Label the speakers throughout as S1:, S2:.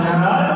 S1: Raja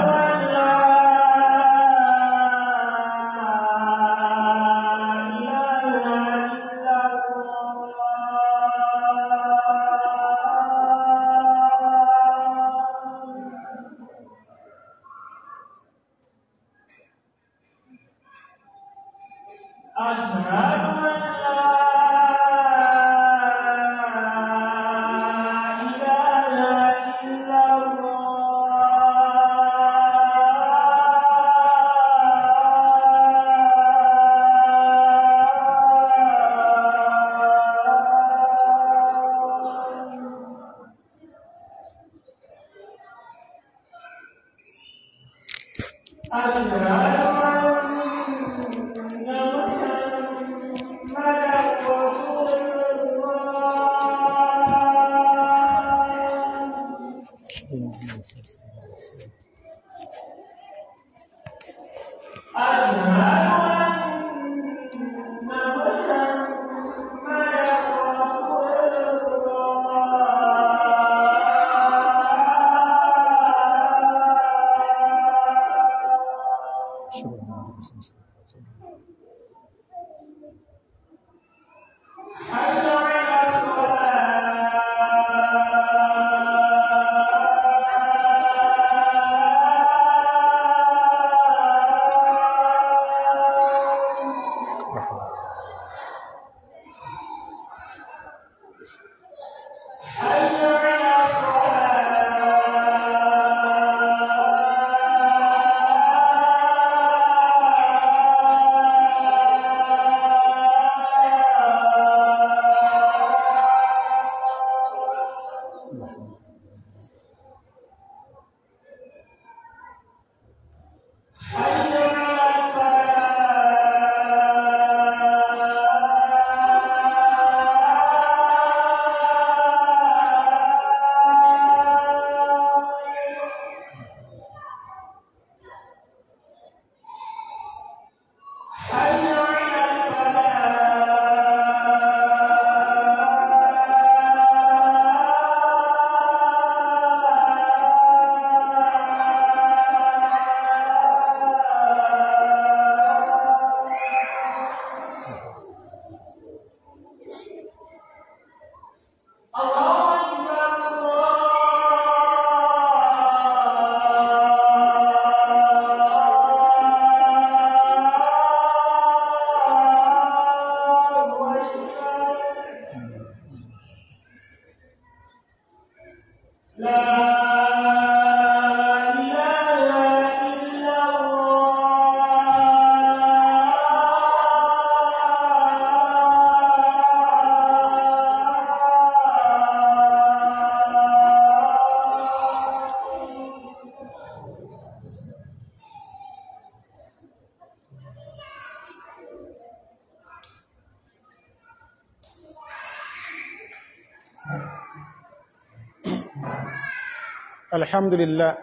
S2: الحمد لله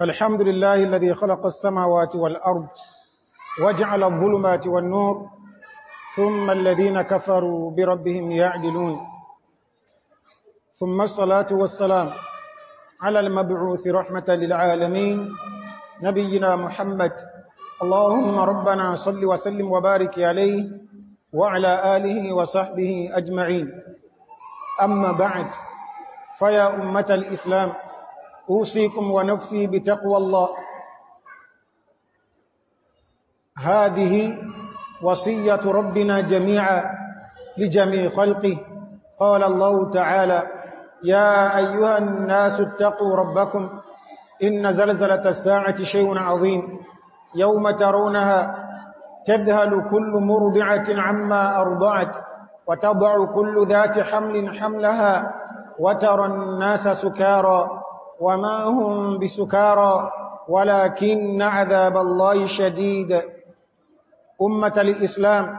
S2: الحمد لله الذي خلق السماوات والأرض وجعل الظلمات والنور ثم الذين كفروا بربهم يعدلون ثم الصلاة والسلام على المبعوث رحمة للعالمين نبينا محمد اللهم ربنا صل وسلم وبارك عليه وعلى آله وصحبه أجمعين أما بعد فيا أمة الإسلام أوصيكم ونفسي بتقوى الله هذه وصية ربنا جميعا لجميع خلقه قال الله تعالى يا أيها الناس اتقوا ربكم إن زلزلة الساعة شيء عظيم يوم ترونها تذهل كل مرضعة عما أرضعت وتضع كل ذات حمل حملها وترى الناس سكارى وما هم بسكارى ولكن عذاب الله شديد أمة الإسلام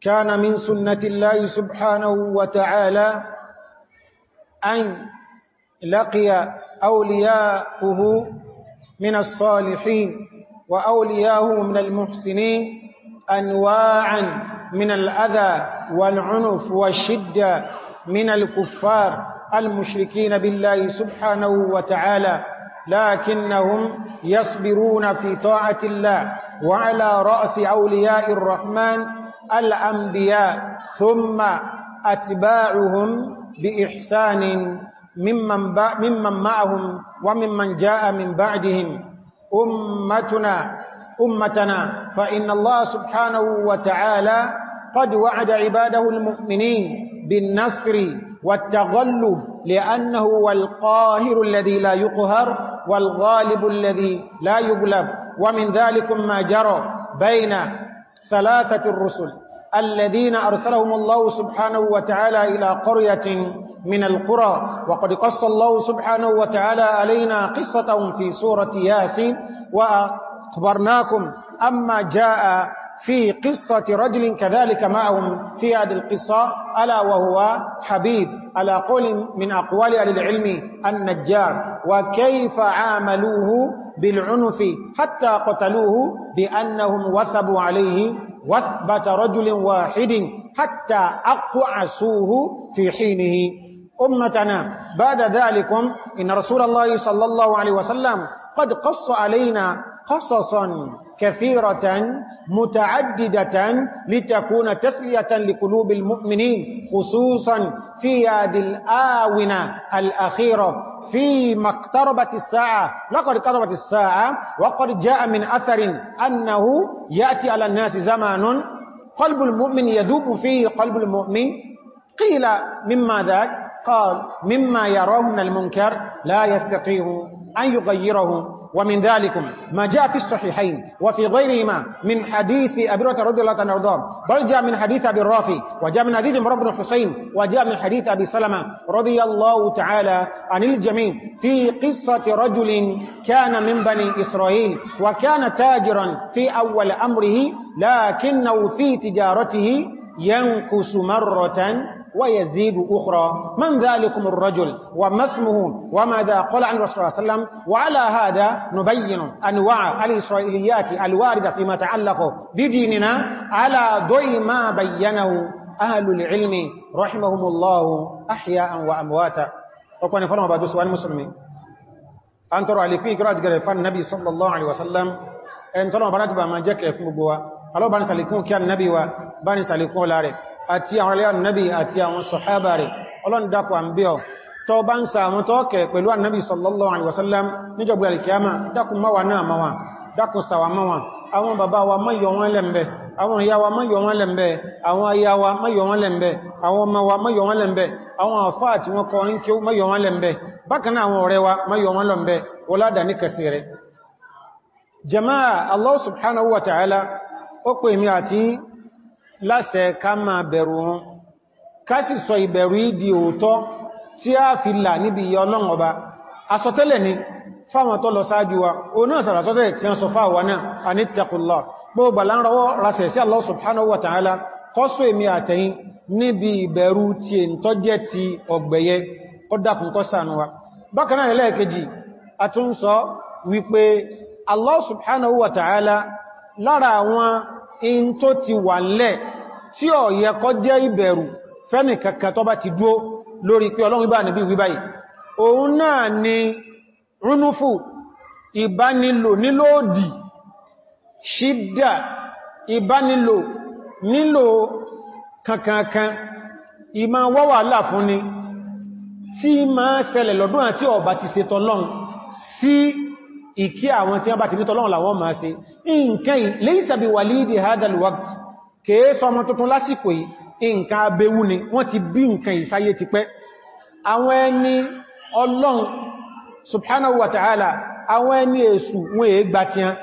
S2: كان من سنة الله سبحانه وتعالى أن لقي أولياؤه من الصالحين وأولياؤه من المحسنين أنواعا من الأذى والعنف والشدة من الكفار المشركين بالله سبحانه وتعالى لكنهم يصبرون في طاعة الله وعلى رأس أولياء الرحمن الأنبياء ثم أتباعهم بإحسان ممن, ممن معهم وممن جاء من بعدهم أمتنا أمتنا فإن الله سبحانه وتعالى قد وعد عباده المؤمنين بالنصر والتغلب لأنه هو القاهر الذي لا يقهر والغالب الذي لا يغلب ومن ذلك ما جرى بين ثلاثة الرسل الذين أرسلهم الله سبحانه وتعالى إلى قرية من القرى وقد قص الله سبحانه وتعالى علينا قصتهم في سورة ياسين وأخبرناكم أما جاء في قصة رجل كذلك معهم في هذه القصة ألا وهو حبيب على قول من أقوال أهل العلم النجار وكيف عاملوه بالعنف حتى قتلوه بأنهم وثبوا عليه وثبة رجل واحد حتى أقعسوه في حينه أمتنا بعد ذلك إن رسول الله صلى الله عليه وسلم قد قص علينا قصصا كثيرة متعددة لتكون تسلية لقلوب المؤمنين خصوصا في هذه الآونة الأخيرة فيما اقتربت الساعة لقد اقتربت الساعة وقد جاء من أثر أنه يأتي على الناس زمان قلب المؤمن يذوب فيه قلب المؤمن قيل مما ذاك قال مما يراه من المنكر لا يستطيع أن يغيره ومن ذلكم ما جاء في الصحيحين وفي غيرهما من حديث أبي هريرة رضي الله عنه وارضاه بل جاء من حديث أبي الرافي وجاء من حديث عمر بن حسين وجاء من حديث أبي سلمة رضي الله تعالى عن الجميع في قصة رجل كان من بني إسرائيل وكان تاجرا في أول أمره لكنه في تجارته ينقص مرة ويزيد أخرى من ذلكم الرجل وما اسمه وماذا قال عن رسول الله صلى الله عليه وسلم وعلى هذا نبين أنواع الإسرائيليات الواردة فيما تعلق بديننا على ضي ما بينه أهل العلم رحمهم الله أحياء وأمواتا وقال فلما بعد سؤال مسلمين أن ترى لكي قرأت قرأت النبي صلى الله عليه وسلم أن ترى براتبا ما جاك يفمقوا ألو بانسالكم كان نبي وبانسالكم لارك àti àwọn ilé annabi àti àwọn sọ̀hábà rẹ̀ ọlọ́ndakọ̀ àmbíọ̀ tó bá ń sàmú tọ́ọ̀kẹ̀ pẹ̀lú annabi sallallahu alaihi wasallam níjọba alkiyama dákun máwà náà wa mọ́yọ̀ wọn lẹ́m̀bẹ̀ àwọn ìyá wa mọ́yọ̀ wọn lẹ́m̀bẹ̀ àwọn aya wa mọ́yọ̀ wọn lẹ́m̀bẹ̀ àwọn ọmọ wa mọ́yọ̀ wọn lẹ́m̀bẹ̀ àwọn jama'a Allah subhanahu wa ta'ala ó pè àti láṣẹ ká máa bẹ̀rù wọn ká sì sọ ìbẹ̀rù ìdí òótọ́ tí a fi là níbi ìyà Ọlọ́run ọba ni fáwọn tó lọ sáájú wa o náà sàrásọ́tẹ̀ tí wọ́n sọ fáwa náà anittaqullah gbogbo alárọwọ́ rasẹ̀ sí Allah subhanahu wa ta'ala kọ́sọ èmi àtẹ̀yìn níbi ìbẹ̀rù tí è ń tọ́jẹ́ ti ọgbẹ̀yẹ kọ́dàkùn kọ́sànúwa bákanáà lẹ́ẹ̀kejì a Allah subhanahu wa ta'ala lára àwọn in tó ti wà lẹ́ẹ̀ tí ó yẹ kó jẹ́ ìbẹ̀rù fẹ́mì kankan tó bá ti dúó lórí pé ọlọ́run ibá níbi wí báyìí òun náà ni rúnúfù ìbánilò nílòdì ṣídà ìbánilò nílò kankankan ìmá wọ́wà láàfún tí ma ṣẹlẹ̀ lọ́dún àti ọba ti ṣe tọ́lọ́n sí ìkí àwọn tí wọ́n bá ti ní tọ́lọ́n làwọn máa ṣe nǹkan lẹ́yìn sàbí wà lídì hadal kèé sọ ọmọ tuntun lásìkò yìí nǹkan abewú ni wọ́n ti bí nǹkan ìsáyé ti pẹ́ àwọn ẹni ọlọ́run subhanahu wa ta'ala àwọn ẹni èṣù wọn èé gbà tí án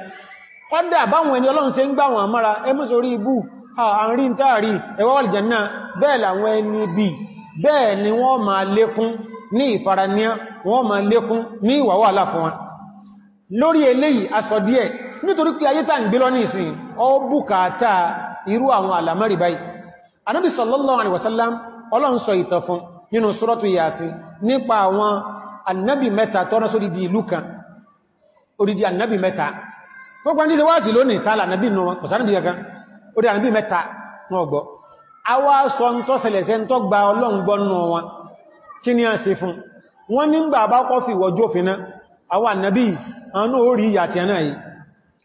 S2: kọ́dà báwọn ẹni ọlọ́run ṣe ń gbà wọn àmára ẹmọ́ sórí ibú àárí ń táàrí ẹwà wal janna bẹ́ẹ̀ làwọn ẹni ni wọ́n ma lékún ní ìfaraniá wọ́n ma lórí eléyìí asọ nítorí pé ayé tàà ń gbé lọ ní ìsìn ọ bùkátà irú àwọn àlàmọ́rì báyìí anábì sallallahu alaihi wasallam ọlọ́run sọ ìtàn fún nínú suratu Yasin nípa àwọn annabi mẹ́ta tọ́rọ sórí di ìlú kan orídi annabi mẹ́ta gbogbo ní wáàtí lónìí tààlà annabi nù wọn kòsánàbì kankan orí annabi mẹ́ta wọn gbọ́ awá sọ ń tọ́ sẹlẹ̀sẹ́ ń tọ́ gba ọlọ́run gbọ́ nù wọn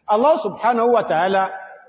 S2: Allah subhanahu wa ta'ala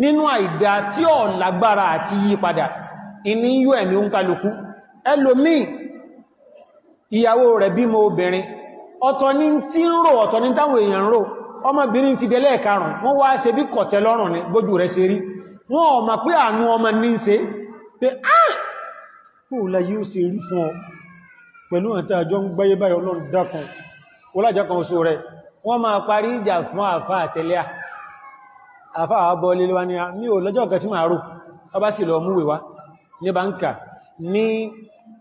S2: nínú àìdá tí ọ lágbára àti yípadà ìní yóò ẹ̀mí ń kálukú ẹlòmí ìyàwó rẹ̀ bí mo obìnrin ọ̀tọ̀ ní tí ń rò ọ̀tọ̀ ní táwọn èèyàn rò ọmọbìnrin ti dẹ̀lẹ́ ẹ̀karùn wọ́n wá ṣe bí lọ́rùn ní wọ́n pé àánú ọmọ ní ah! fún ọ kan máa parí ìjà fún àfá àbọ̀ lílọ́wà ní mi ò lọ́jọ́ ọ̀gá tí máa rò ọba sì lọ múwẹ̀ wá ní báńkà ní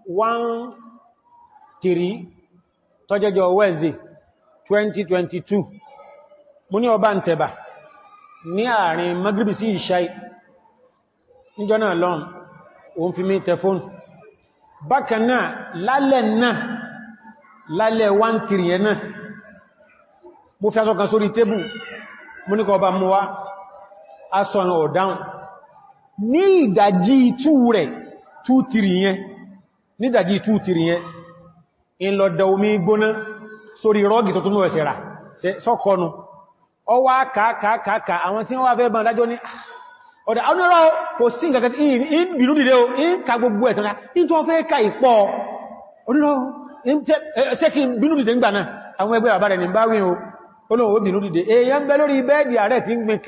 S2: 1-3 tọ́jẹjọ Wednesday 2022 mú ní ọba ń tẹ̀bà ní àárín magribi sí ìṣáì níjọ́ náà lọ́n òun fi mí tẹfóòn bákan náà lálẹ́ náà lálẹ́ 1-3 mo fi aṣọ sórí tébù mú ní kọ ọba mú wá asọ̀nà ọ̀dáun ní ìdajì ìtú rẹ̀ tútìrì yẹn ní omi gbóná sórí rọ́gì tó túnmọ̀ ẹ̀sẹ̀ rà ọwá àwọn tí wọ́n wá fẹ́ bá dájọ́ ní ah, dìde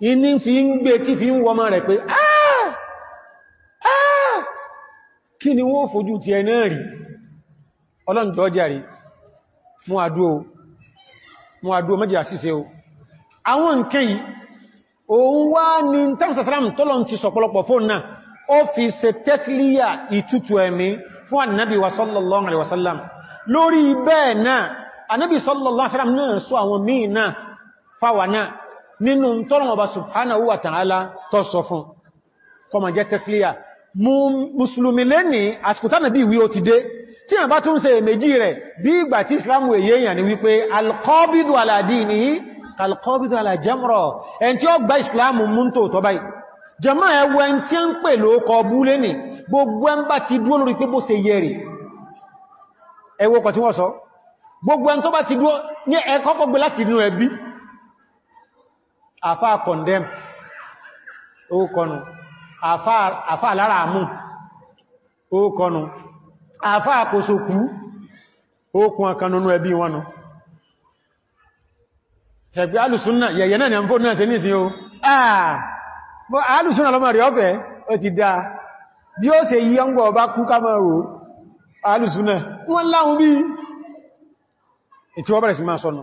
S2: iní fi ń gbé tí fi ń wọmọ rẹ̀ pé àà ah! ah! kí ni wọ́n fojú ti ẹ̀ náà rí ọlọ́njọ́ jẹ́rí mú àdúó mú àdúó méjì àṣìṣe o àwọn nkẹ́ yìí òun wá ní tẹ́mùsàsàrám tọ́lọ̀ ti sọ̀pọ̀lọpọ̀ fóòn náà ó fi ṣe tẹ́sílíyà ìtútù ẹ̀mí fún ànábì wa sallallahu alaihi wasallam lórí bẹ́ẹ̀ náà ànábì sallallahu alaihi wasallam náà sọ àwọn míì náà fáwà náà nínú tọ́rọ ọba subhanahu wa ta'ala tọ́ sọ fún kọmọ jẹ́ tesliya musulmi lẹ́ni àsìkòtánà bí ìwé ó ti dé tí a bá tún ṣe èméjì rẹ̀ bí ìgbà tí islamu èyí èyàn ni wípé alkọ́bídù aládìní alkọ́bídù alájẹ́mọ̀rọ̀ ẹn tí ó gba islamu múntò tọ́ báyìí jẹmọ́ ẹwọ ẹn tí a ń pè ló kọ búlé nì gbogbo ẹn bá ti dúó lórí pé bó àfá condemn ó kọnu àfá lára mú ó kọnu àfá àkóṣokú ó kún ọkanunú ẹbí wọnú ṣẹ̀gbẹ́ alùsúnnà yẹ̀yẹ̀ náà ni àmfò náà ṣe ní ìsìn o àà ah, alùsúnnà lọ́mọ̀ rí ọ́fẹ́ ó ti dáa bí ó ṣe yí ọgbọ̀ ọba kú kámọ̀rò alùsúnnà wọ́n láhun bí ètí wọ́n bẹ̀rẹ̀ sí máa sọ́nà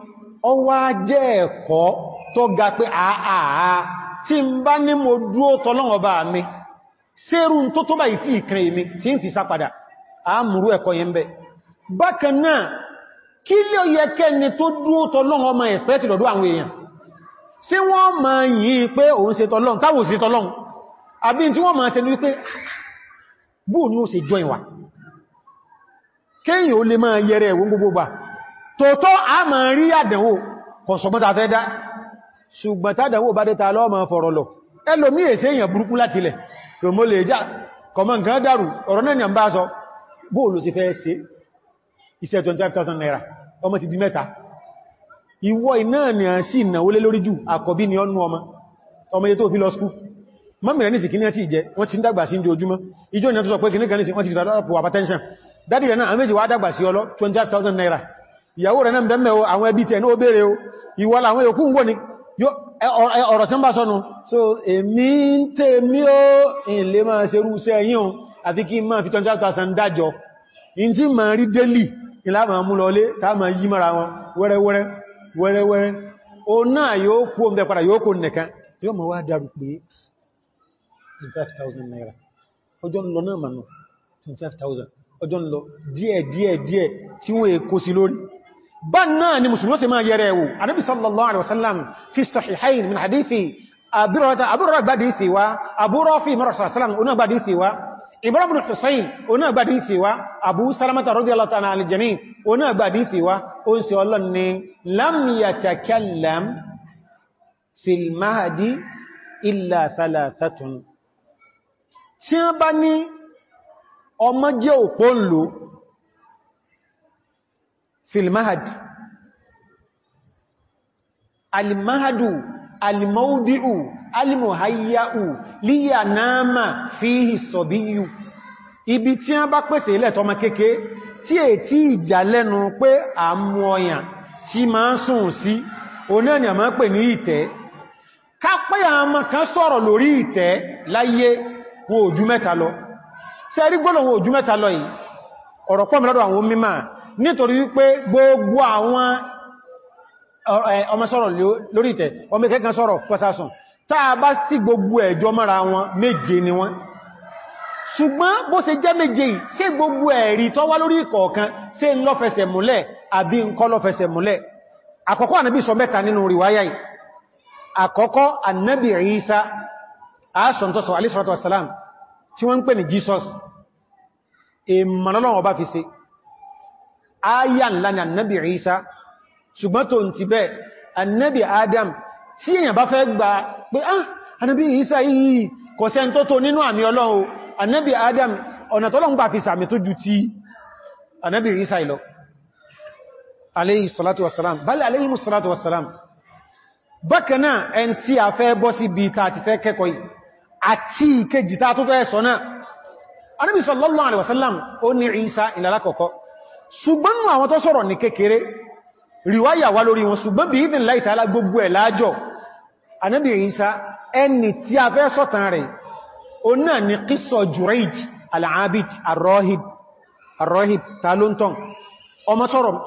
S2: ọ wá jẹ́ ẹ̀kọ́ tó ga pé àà tí ń bá ní mo dúó tọ́lọ́wọ́ bá mi sẹ́rù tó tó báyìí tí ìkìrì mi tí ń fi sá padà àmúrú ẹ̀kọ́ yẹn bẹ́ bákan náà kí lè yẹ kẹ́ni tó dúó tọ́lọ́wọ́ ma ẹ̀spẹ́tì lọ́dọ́ àwọn èèyàn sí wọ́n ma yìí pé òun tòótọ́ a ma rí àdẹ̀wò kọ̀sọ̀gbọ́ta fẹ́dá ṣùgbọ́n tàdẹ̀wò bá dẹ́ta lọ́ọ̀mà fọ̀rọ̀ lọ ẹlòmí èsẹ́ èyàn burúkú látilẹ̀ kòmó lè já kọmọ nǹkan dàrú ọ̀rọ̀ náà yàn bá sọ bóòlù sí fẹ́ ṣe iṣẹ́ 25,000 naira ọmọ ti di mẹ́ta ìwọ iná ni a sì ìnáwó lé lórí jù àkọ́bí ni ọnù ọmọ ọmọ yẹ tó fi lọ skú mọ́mìnà ní ìsìnkí ní ti ìjẹ wọ́n ti ń dàgbà sí pé wọ́n ti ìyàwó rẹ̀ náà bẹ̀mẹ̀ o àwọn ẹbí tẹ̀ ní ó bèèrè o ìwọ́la àwọn èkú ń wò ní ọ̀rọ̀ tí ń bá sọ́nu so èmi ń tẹ́ mí ó ìlé máa ṣe rú iṣẹ́ yín àti kí máa fi 20,000 dájọ́ in tí ma rí mara wọn wẹ́rẹ́wẹ́rẹ́ wẹ́rẹ́wẹ́rẹ́ o náà yóò kú omi tẹ́pàdà yóò kó nìkan yóò naira ọjọ́ ń lọ náà mà nù 25,000 ọjọ́ ń lọ díẹ̀ díẹ̀ díẹ̀ tí wọ́n èkó sí lórí bá náà ni musulmi ṣe máa yẹrẹ ẹ̀wò anábi sallallahu alaihi wasallam fi sahihain min hadithi abúrọ̀ gbádìí wa abúrọ̀ fi mara sallam oná gbádìí wa ibrahim hussein oná gbádìí wa abu salamata radiyallahu ta'ala aljami oná gbádìí wa ó ń ṣe ọlọ́n ni lam yatakallam fil mahdi illa thalathatun tí wọ́n bá ní ọmọ filmahad almahadu almaudi'u almuhayya'u liyanama fihi sobiyu ibi tí a bá pèsè ilẹ̀ tọmọ kéèké tí è tí ìjà lẹ́nu pé a mú ọyàn tí ma ń sùn sí oná ni a máa pè ní ìtẹ́ ká pé kan sọ̀rọ̀ lórí ìtẹ́ láyé wọn ojú mẹ́ta lọ ṣe rí gbọ́nà wọn mẹ́ta lọ yìí ọ̀rọ̀ pọ̀ àwọn mímọ̀ nítorí wípé gbogbo àwọn ọmọ sọ̀rọ̀ lórí ìtẹ́ ọmọ ìkẹ́kàn sọ̀rọ̀ fọ́sásùn táa bá sí gbogbo ẹ̀jọ mọ́ra wọn méje ni wọ́n ṣùgbọ́n bó ṣe jẹ́ méje yìí ṣé gbogbo ẹ̀rí tó wá lórí ìkọ̀ọ̀kan ṣé ń lọ́fẹsẹ̀ múlẹ̀ àbí ń kọ́ lọ́fẹsẹ̀ múlẹ̀ àkọ́kọ́ ànábì sọ mẹ́ta nínú riwaya yìí àkọ́kọ́ ànábì Ìsá asọ̀ntọ́sọ̀ alẹ́sọ̀rọ̀tọ̀ tí wọ́n ń pè ní Jesus èmàlọ́lọ́wọ́ bá fi ṣe áyà ńlá ni annabi Isa ṣùgbọ́n tó ń ti bẹ́ annabi Adam tí èyàn bá fẹ́ gbà pé ah annabi Isa yìí kò sẹ́ tó tó nínú àmì Ọlọ́run annabi Adam ọ̀nà tọ́lọ́run gbà fi sàmì tó ju ti annabi Isa ìlọ alayhi salatu wassalam bal alayhi salatu wassalam bákanáà ẹn tí a fẹ́ bọ́ sí bí ta ti fẹ́ sallallahu alaihi wasallam ó ní Isa ìlàlákọ̀ọ́kọ́ ṣùgbọ́n àwọn tó sọ̀rọ̀ ní kékeré ríwáyà wá lórí wọn ṣùgbọ́n bí ìdìn láìta alágbogbo ẹ̀ láàjọ́ anábì Ìsá ẹni tí a fẹ́ sọ̀tàn rẹ̀ o náà ni kíso Jurayj al-Abid ar-Rahib ar-Rahib talonton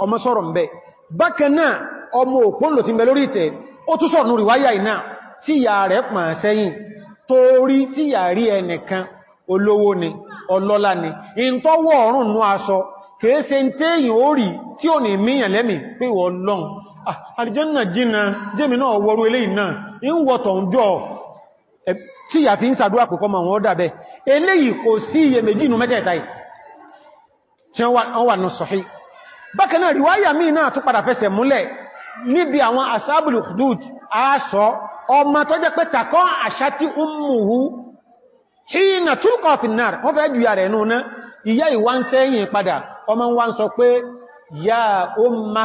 S2: ọmọ sọ̀rọ̀ mbẹ̀ bákan náà ọmọ òpó lò ti mbẹ̀ lórí ìtẹ́ ó tún sọ̀rọ̀ ríwáyà iná tí ìyà rẹ̀ pàn ni ìntọ́wọ́ ọ̀rùn nú aṣọ kèése ń tẹ́ èyàn ó rí tí ò ní míyàn lẹ́mì pé wọ́n lọ́n àríjẹ́nà jìnà jẹ́mi náà wọ́rú eléyìí náà ń wọ́tọ̀ ń jọ tí yà fi ń sàdúrà pẹ̀kọ́ ma wọ́n dàbẹ̀ eléyìí kò sí iye méjì inú mẹ́tẹ̀ẹ̀ta tí wọ́n wà ní sọ̀hí hudud aṣọ ọmọ tó jẹ́ pé takọ́ àṣà tí ó mùhú hìnà túnkọ̀ fìnnà wọ́n ìyá ìwá ń sẹ́yìn padà ọmọ wa ń sọ pé ya umma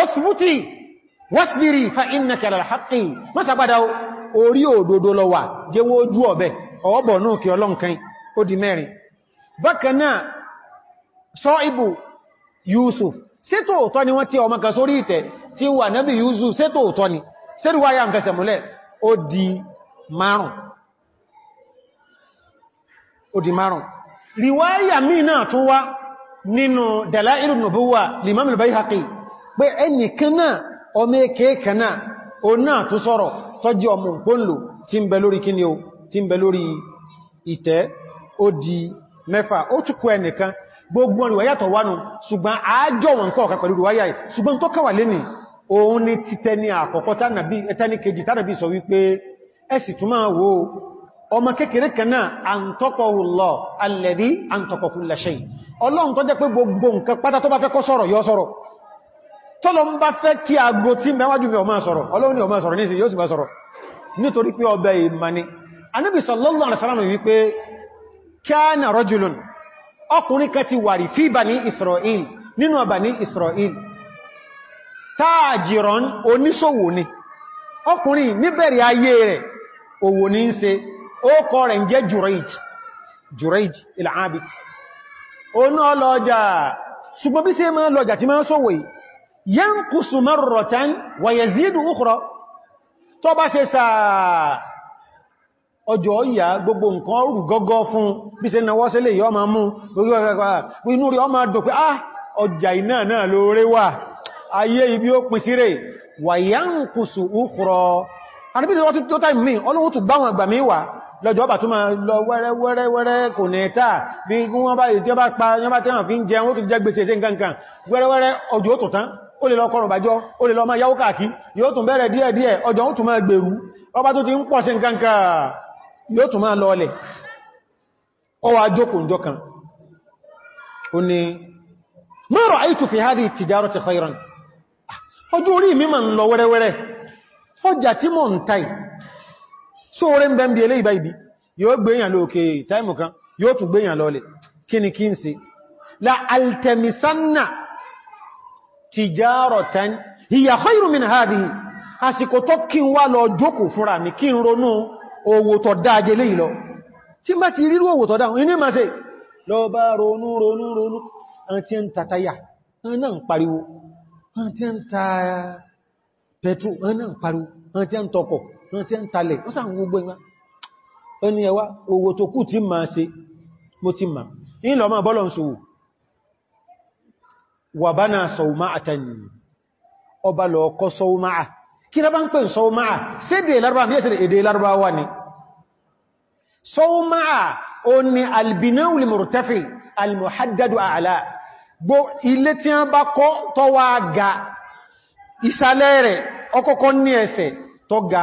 S2: osbuti wasbiri fa innaka ala alhaqi mọ́sà padà orí òdodo lọ wà jẹ́wọ́ ojú ọ̀bẹ̀ ọwọ́bọ̀ náà kí ọlọ́nkan ó di mẹ́rin bákanáà sọ ibù yusuf sétò òtọ́ ni wọ́n tí ọmọ yusuf sétò òtọ́ ni sẹ́rùwáyà ń kẹsẹ̀ múlẹ̀ ó di riwaya mina tún wá nínú dala'ilu nubuwa limam al-bayhaqi pé ẹnìkan náà ọmọ ẹkẹ́ẹ̀kan na o náà tó sọ̀rọ̀ tọ́jú ọmọ òpónlò tí ń bẹ lórí kíni o tí ite bẹ di mẹ́fà ó túnkù ẹnìkan gbogbo riwaya tó wánu ṣùgbọ́n àájọ wọn ka ọ̀kà pẹ̀lú riwaya yìí ṣùgbọ́n tó ni títẹ́ ní àkọ́kọ́ ọmọ kékeré kanáà àntọ́kọ̀hùlọ alẹ́bí àntọ́kọ̀kùnlẹ̀ṣẹ́ ọlọ́run tó jẹ́ pé gbogbo nǹkan pátá tó bá fẹ́ kó sọ̀rọ̀ yọ sọ̀rọ̀ tọ́lọ ń bá fẹ́ kí agbó tí mẹ́wàájú fẹ́ ọmọ sọ̀rọ̀ ọlọ́run ni ọmọ sọ̀rọ̀ ní ìsìn yóò sì máa sọ̀rọ̀ nítorí pé ọbẹ̀ ìmani anábì sallallahu alaihi wasallam wípé kana rajulun ọkùnrin kan ti wàrí fi bani Israel nínú bani Israel táàjìrán oníṣòwò ni ọkùnrin níbẹ̀rẹ̀ ayé rẹ̀ òwò ní ń ṣe ó kọ rẹ̀ ń jẹ́ Juraij Juraij il-Abid oná lọ́jà ṣùgbọ́n bí sí ma lọ́jà tí ma ń sọ́wọ́ yanqusu marratan wa yazidu ukhra tó bá ṣe sàá ọjọ́ ìyà gbogbo nǹkan rù gọ́gọ́ fún bí ṣe náwọ́ sílé yọ ma mú inú rí ọmọ dùn ah ọjà iná náà lóore wà ayé ibi ó pín sírè wà ń kùsù úkùrọ̀ lọ́jọ́ ọba tó máa lọ wẹ́rẹ́ wẹ́rẹ́ wẹ́rẹ́ kò ní ẹ̀ta bí gún wọ́n bá ìdí ọba pa yọ́nbá tẹ́wọ̀n fi ń jẹ wọ́n tó jẹ́ gbèsè ṣe nǹkan wẹ́rẹ́ wẹ́rẹ́ ọjọ́ tó tán ó lè lọ kọrùn bàjọ́ ó lè lọ máa yáwó káàkí yóò tún bẹ̀rẹ̀ díẹ̀ díẹ̀ ọjọ́ ó tún máa gbèrú ọba tó ti ń pọ̀ sí nǹkan yóò tún máa ọjọ́ ah, orí mi ń lọ wẹ́rẹ́wẹ́rẹ́ ọjà tí mò ń tai so orin bẹ́ ń bí ìbá báyìí yóò gbéyàn lóòkè táìmù kan yóò tún gbéyàn lọlẹ̀ kí kí la altemisanna tijaratan hiya khairu min hadhihi àsìkò tó kí n wá lọ fúnra mi kí n ronú owó tó dáajé lè lọ tí má ti owó wọ́n ti ń talẹ̀ wọ́n sàn gbogbo ìwá ẹni ẹwà owó tó kù tí máa ṣe mo ti ma ní lọ máa bọ́lọ̀ ṣòwò wà bá náà sọ̀wọ́má àtàyìn ọba lọ kọ́ sọ̀wọ́má à kí na bá ń pè sọ̀wọ́má à sédè larba fi ẹsẹ̀ èdè larba wà ní sọ̀wọ́má à ó ní albinawul murtafi almuhaddadu àlá gbó ilé tí wọ́n bá kọ́ tọ́wàá ga ìsàlẹ̀ rẹ̀ ọkọ̀kọ́ ní ẹsẹ̀ tọ́ga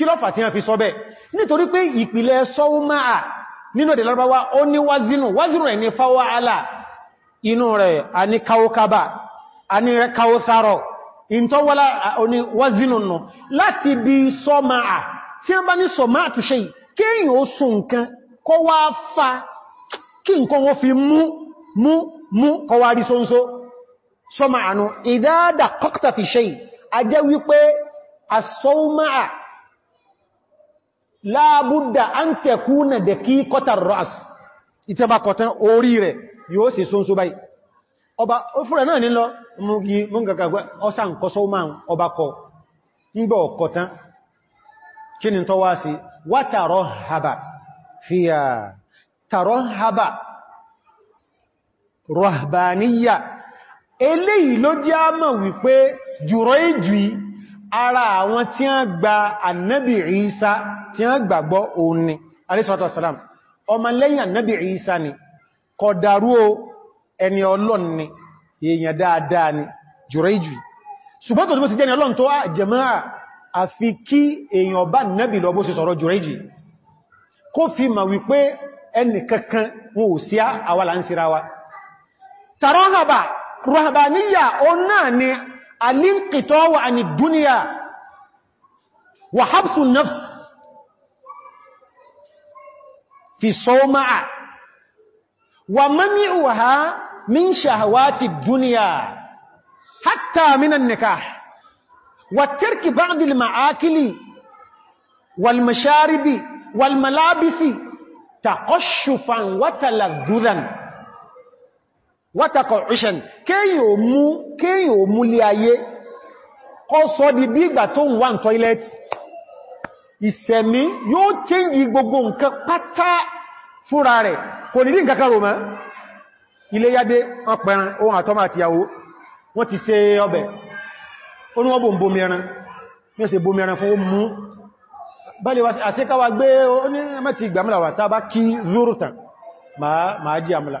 S2: kí ló fà tí wọ́n fi sọ bẹ́ẹ̀ nítorí pé ìpìlẹ̀ sọ́wọ́máà nínú èdè Lárúbáwá ó ní wázínù wázínù rẹ̀ ní fáwọ́ alá inú rẹ̀ a ní káwókábà a ní rẹ̀ káwósárọ̀ ìntọ́wọ́lá oní wázínù nù láti bí sọ́máà tí wọ́n bá ní sọ́máà tó ṣe fa kí nǹkan wọ́n fi mú mú mú kọ́ wá rí sóńsó sọ́máà nù ìdáadà kọ́kta fi a jẹ́ wípé asọ́máà láàbúdà án tẹ̀kúnà dẹ̀ kí kọtàrù rọ́s ìtẹba kọtàn orí rẹ̀ yóò sì sún só báyìí ọba ó fúrẹ̀ náà nílọ mú ọsá ń máa ọba kọ nígbọ̀ kọtàn kí ni haba fíyà haba eléyìí ló jẹ́ wípé jùrọ̀ ara àwọn tí a gba annabi isa tí a gbàgbọ́ òun ni alẹ́sọ́tọ̀ salam ọmọ lẹ́yìn annabi isa ni kọ̀dàrú ẹni ọlọ́n ni èèyàn dáadáa ni jùrẹ́jù ṣùgbọ́n tó ti jẹ́ ni ọlọ́n tó jẹmáà àfi kí èèyàn bá ni الانقطاع عن الدنيا وحبس النفس في صومعة ومنعها من شهوات الدنيا حتى من النكاح والترك بعض المآكل والمشارب والملابس تقشفا وتلذذا wátàkọ̀ ìṣẹ̀n kéyìn ò mú lé ayé kọ́ sọ di bí ìgbà tó ń wà ní toilet ìsẹ̀mí yóò change gbogbo nǹkan pátá fúnra rẹ̀ kò ní rí nǹkan kan rọ̀mọ́ iléyádé ọpẹran ohun àtọ́mà àti ìyàwó wọ́n ti ṣe ọbẹ̀ oníwọ́bò ń bomi ẹran ní ṣe bomi ẹran fún mú bẹ́lẹ̀ wá àṣíkáwà gbé onímẹ́tì ìgbàmìlà wà jí àmìlà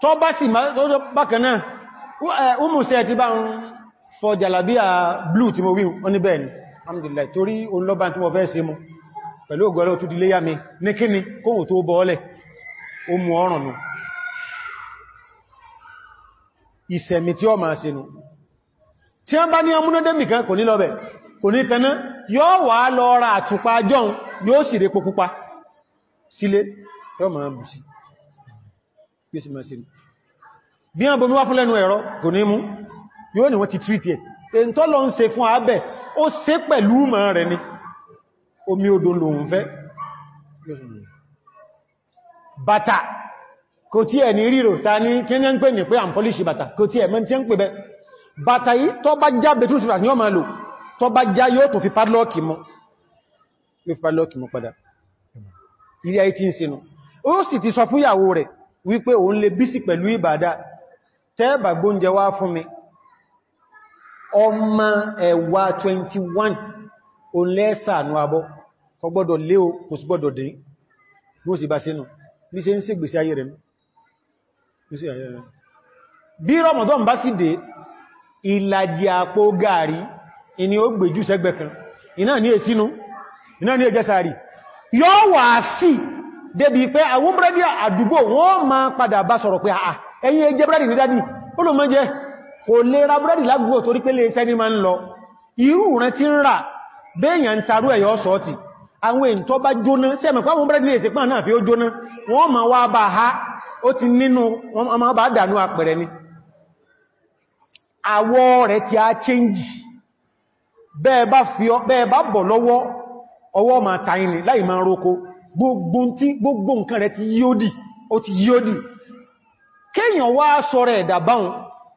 S2: tó bá sì bákanáà umùsẹ̀ ti bá ń fọ jàlàbíà blue tí mo wí wọ́n ní bẹ́ẹ̀ ni alhamdulillah torí òun lọ́bá tí mo fẹ́ ṣe mú pẹ̀lú ògbọ́lọ́ tó dílé yá mi ní kíni kóhùn tó bọ́ọ̀lẹ̀ ó mú ọ̀rùn nù ìsẹ̀mì tí ó máa ṣe nù tí a bá ní amúnádẹ́mì yóò sì máa ṣe bí wọ́n bomi wá fún lẹ́nu ẹ̀rọ kò ní mú yóò ní wọ́n ti treat ẹ̀ èyí tó lọ ń ṣe fún abẹ́ ó ṣe pẹ̀lú mọ̀ rẹ̀ ni omi odò lòun fẹ́ bàtà kò tí ẹ̀ ní ríro ta ní kí ní ń pè ní pé à ń pọ́líṣì bàtà kò tí ẹ̀ mẹ́ tí ń pè bẹ́ bàtà yìí tó bá já betul sifas ní ọmọ lò tó bá já yóò tó fi padlọ́ọ̀kì mọ́ wípé òun lè bísí pẹ̀lú ìbàdá tẹ́ẹ̀bà gbóúnjẹ wá fún mi ọmọ ẹ̀wà 21 òun lẹ́ẹ̀sà ànú abọ́ kò gbọ́dọ̀ lé o kò sí gbọ́dọ̀ dín bí ó sì bá sínú bí ṣe ń sí gbèsè ayé rẹ̀ bí Ramadan bá sì dé ìlàjì àpò gààrí ìní ó gbèjú sẹ́gbẹ̀ kan ìná ní èsínú ìná ní ẹjẹ́sàárì yóò wà sí débi pé àwọn búrẹ́dì àdúgbò wọ́n ma padà bá sọ̀rọ̀ pé àà ah, ẹ̀yin ẹjẹ́ búrẹ́dì ní dádì ó lò mọ́ jẹ́ kò lè ra búrẹ́dì lágbò torí pé lè ma ń lọ irú rẹ̀ ti ń rà béèyàn ń tarú ẹ̀yọ́ sọ́ọ̀tì àwọn èyí bá jóná ọwọ́ ma láì gbogbo nǹkan rẹ̀ ti yíódì ó ti yíódì kéèyàn wá sọ rẹ̀ ẹ̀dàbáhùn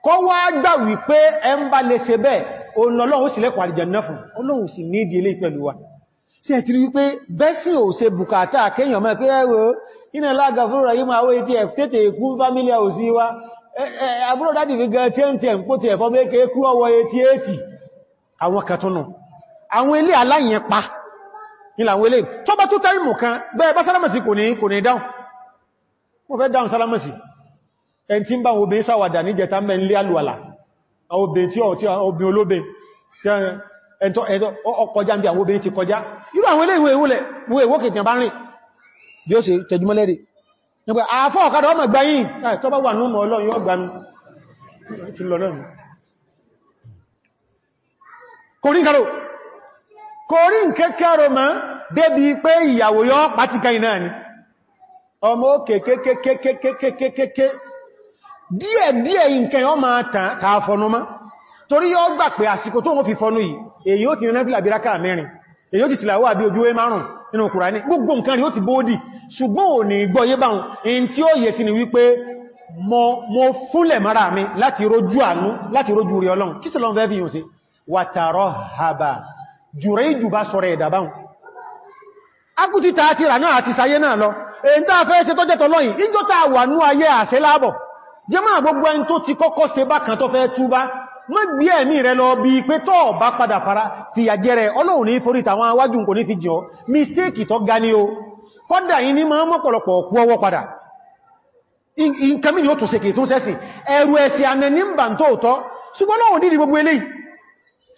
S2: kọ́ wá gbà wípé ẹ ń bá lè ṣe bẹ́ẹ̀ olóòlọ́wọ́ sì lẹ́kọ̀ọ́ àlìjànnà fún olóòwò sì ní ìdílé pẹ̀lú wa sí ẹ̀ ti rí wípé bẹ́sì ò ṣe bùkátà kéèyàn mẹ́ pé ẹ̀rọ iná lágàfúrò yí máa wé tí ẹ̀ tètè kú fámílì àwòsí wa àbúrò àwọn kàtúnù àwọn ilé aláyẹn ìlànwé lè tó bá tó táìmù kan bẹ́ẹ̀ bá sálámàsí kò ní kò ní dáun mo fẹ́ dáun sálámàsí ẹn tí ń bá obìn sáwàdà ní jẹta mẹ́lẹ́ alùwàlà obìn tí obìn olóbe ọkọjá bí àwọn obìn ti kọjá irú àwọn ilé ìwé ìwó kìtìyàn bá rìn bí ó ṣe tẹjúmọ́lẹ́rì nígbà àfọ́ ọ̀kadà ọmọ gbáyìn tó kò rí kàrò kò rí nkẹ́kẹ́rọ mọ́ débi pé ìyàwó yọ pàtíkà iná ni ọmọ òkè kékékékékékékékéké díẹ̀ díẹ̀ nkẹ́ yọ máa tàà fọnú má torí yọ gbà pé àsìkò tó wọ́n fi fọnú yìí èyí ó ti rán fílà bíráká mẹ́rin èyí ó ti tìlàwó àbí ojú márùn inú Kùránì gbogbo nǹkan rí ó ti bóódì ṣùgbọ́n mo fúnlẹ̀ mara mi láti rojú àánú láti rojú rí Ọlọ́run kí sí lọ́n fẹ́ fi yùn sí wàtàrọ̀ haba jùrẹ́ ìjù bá sọ̀rọ̀ ẹ̀dàbáhùn akútí ta ti rà náà àti sayé náà lọ èyí tàà fẹ́ ṣe tọ́jẹ́ tọ́lọ́yìn ìjọ tàà wà ní ayé àṣẹ láàbọ̀ jẹ́ máa gbogbo ẹni tó ti kọ́kọ́ ṣe bá kan tó fẹ́ túbá má gbé ẹ̀mí rẹ lọ bí pé tọ́ bá padà fara ti àjẹrẹ ọlọ́run ní forí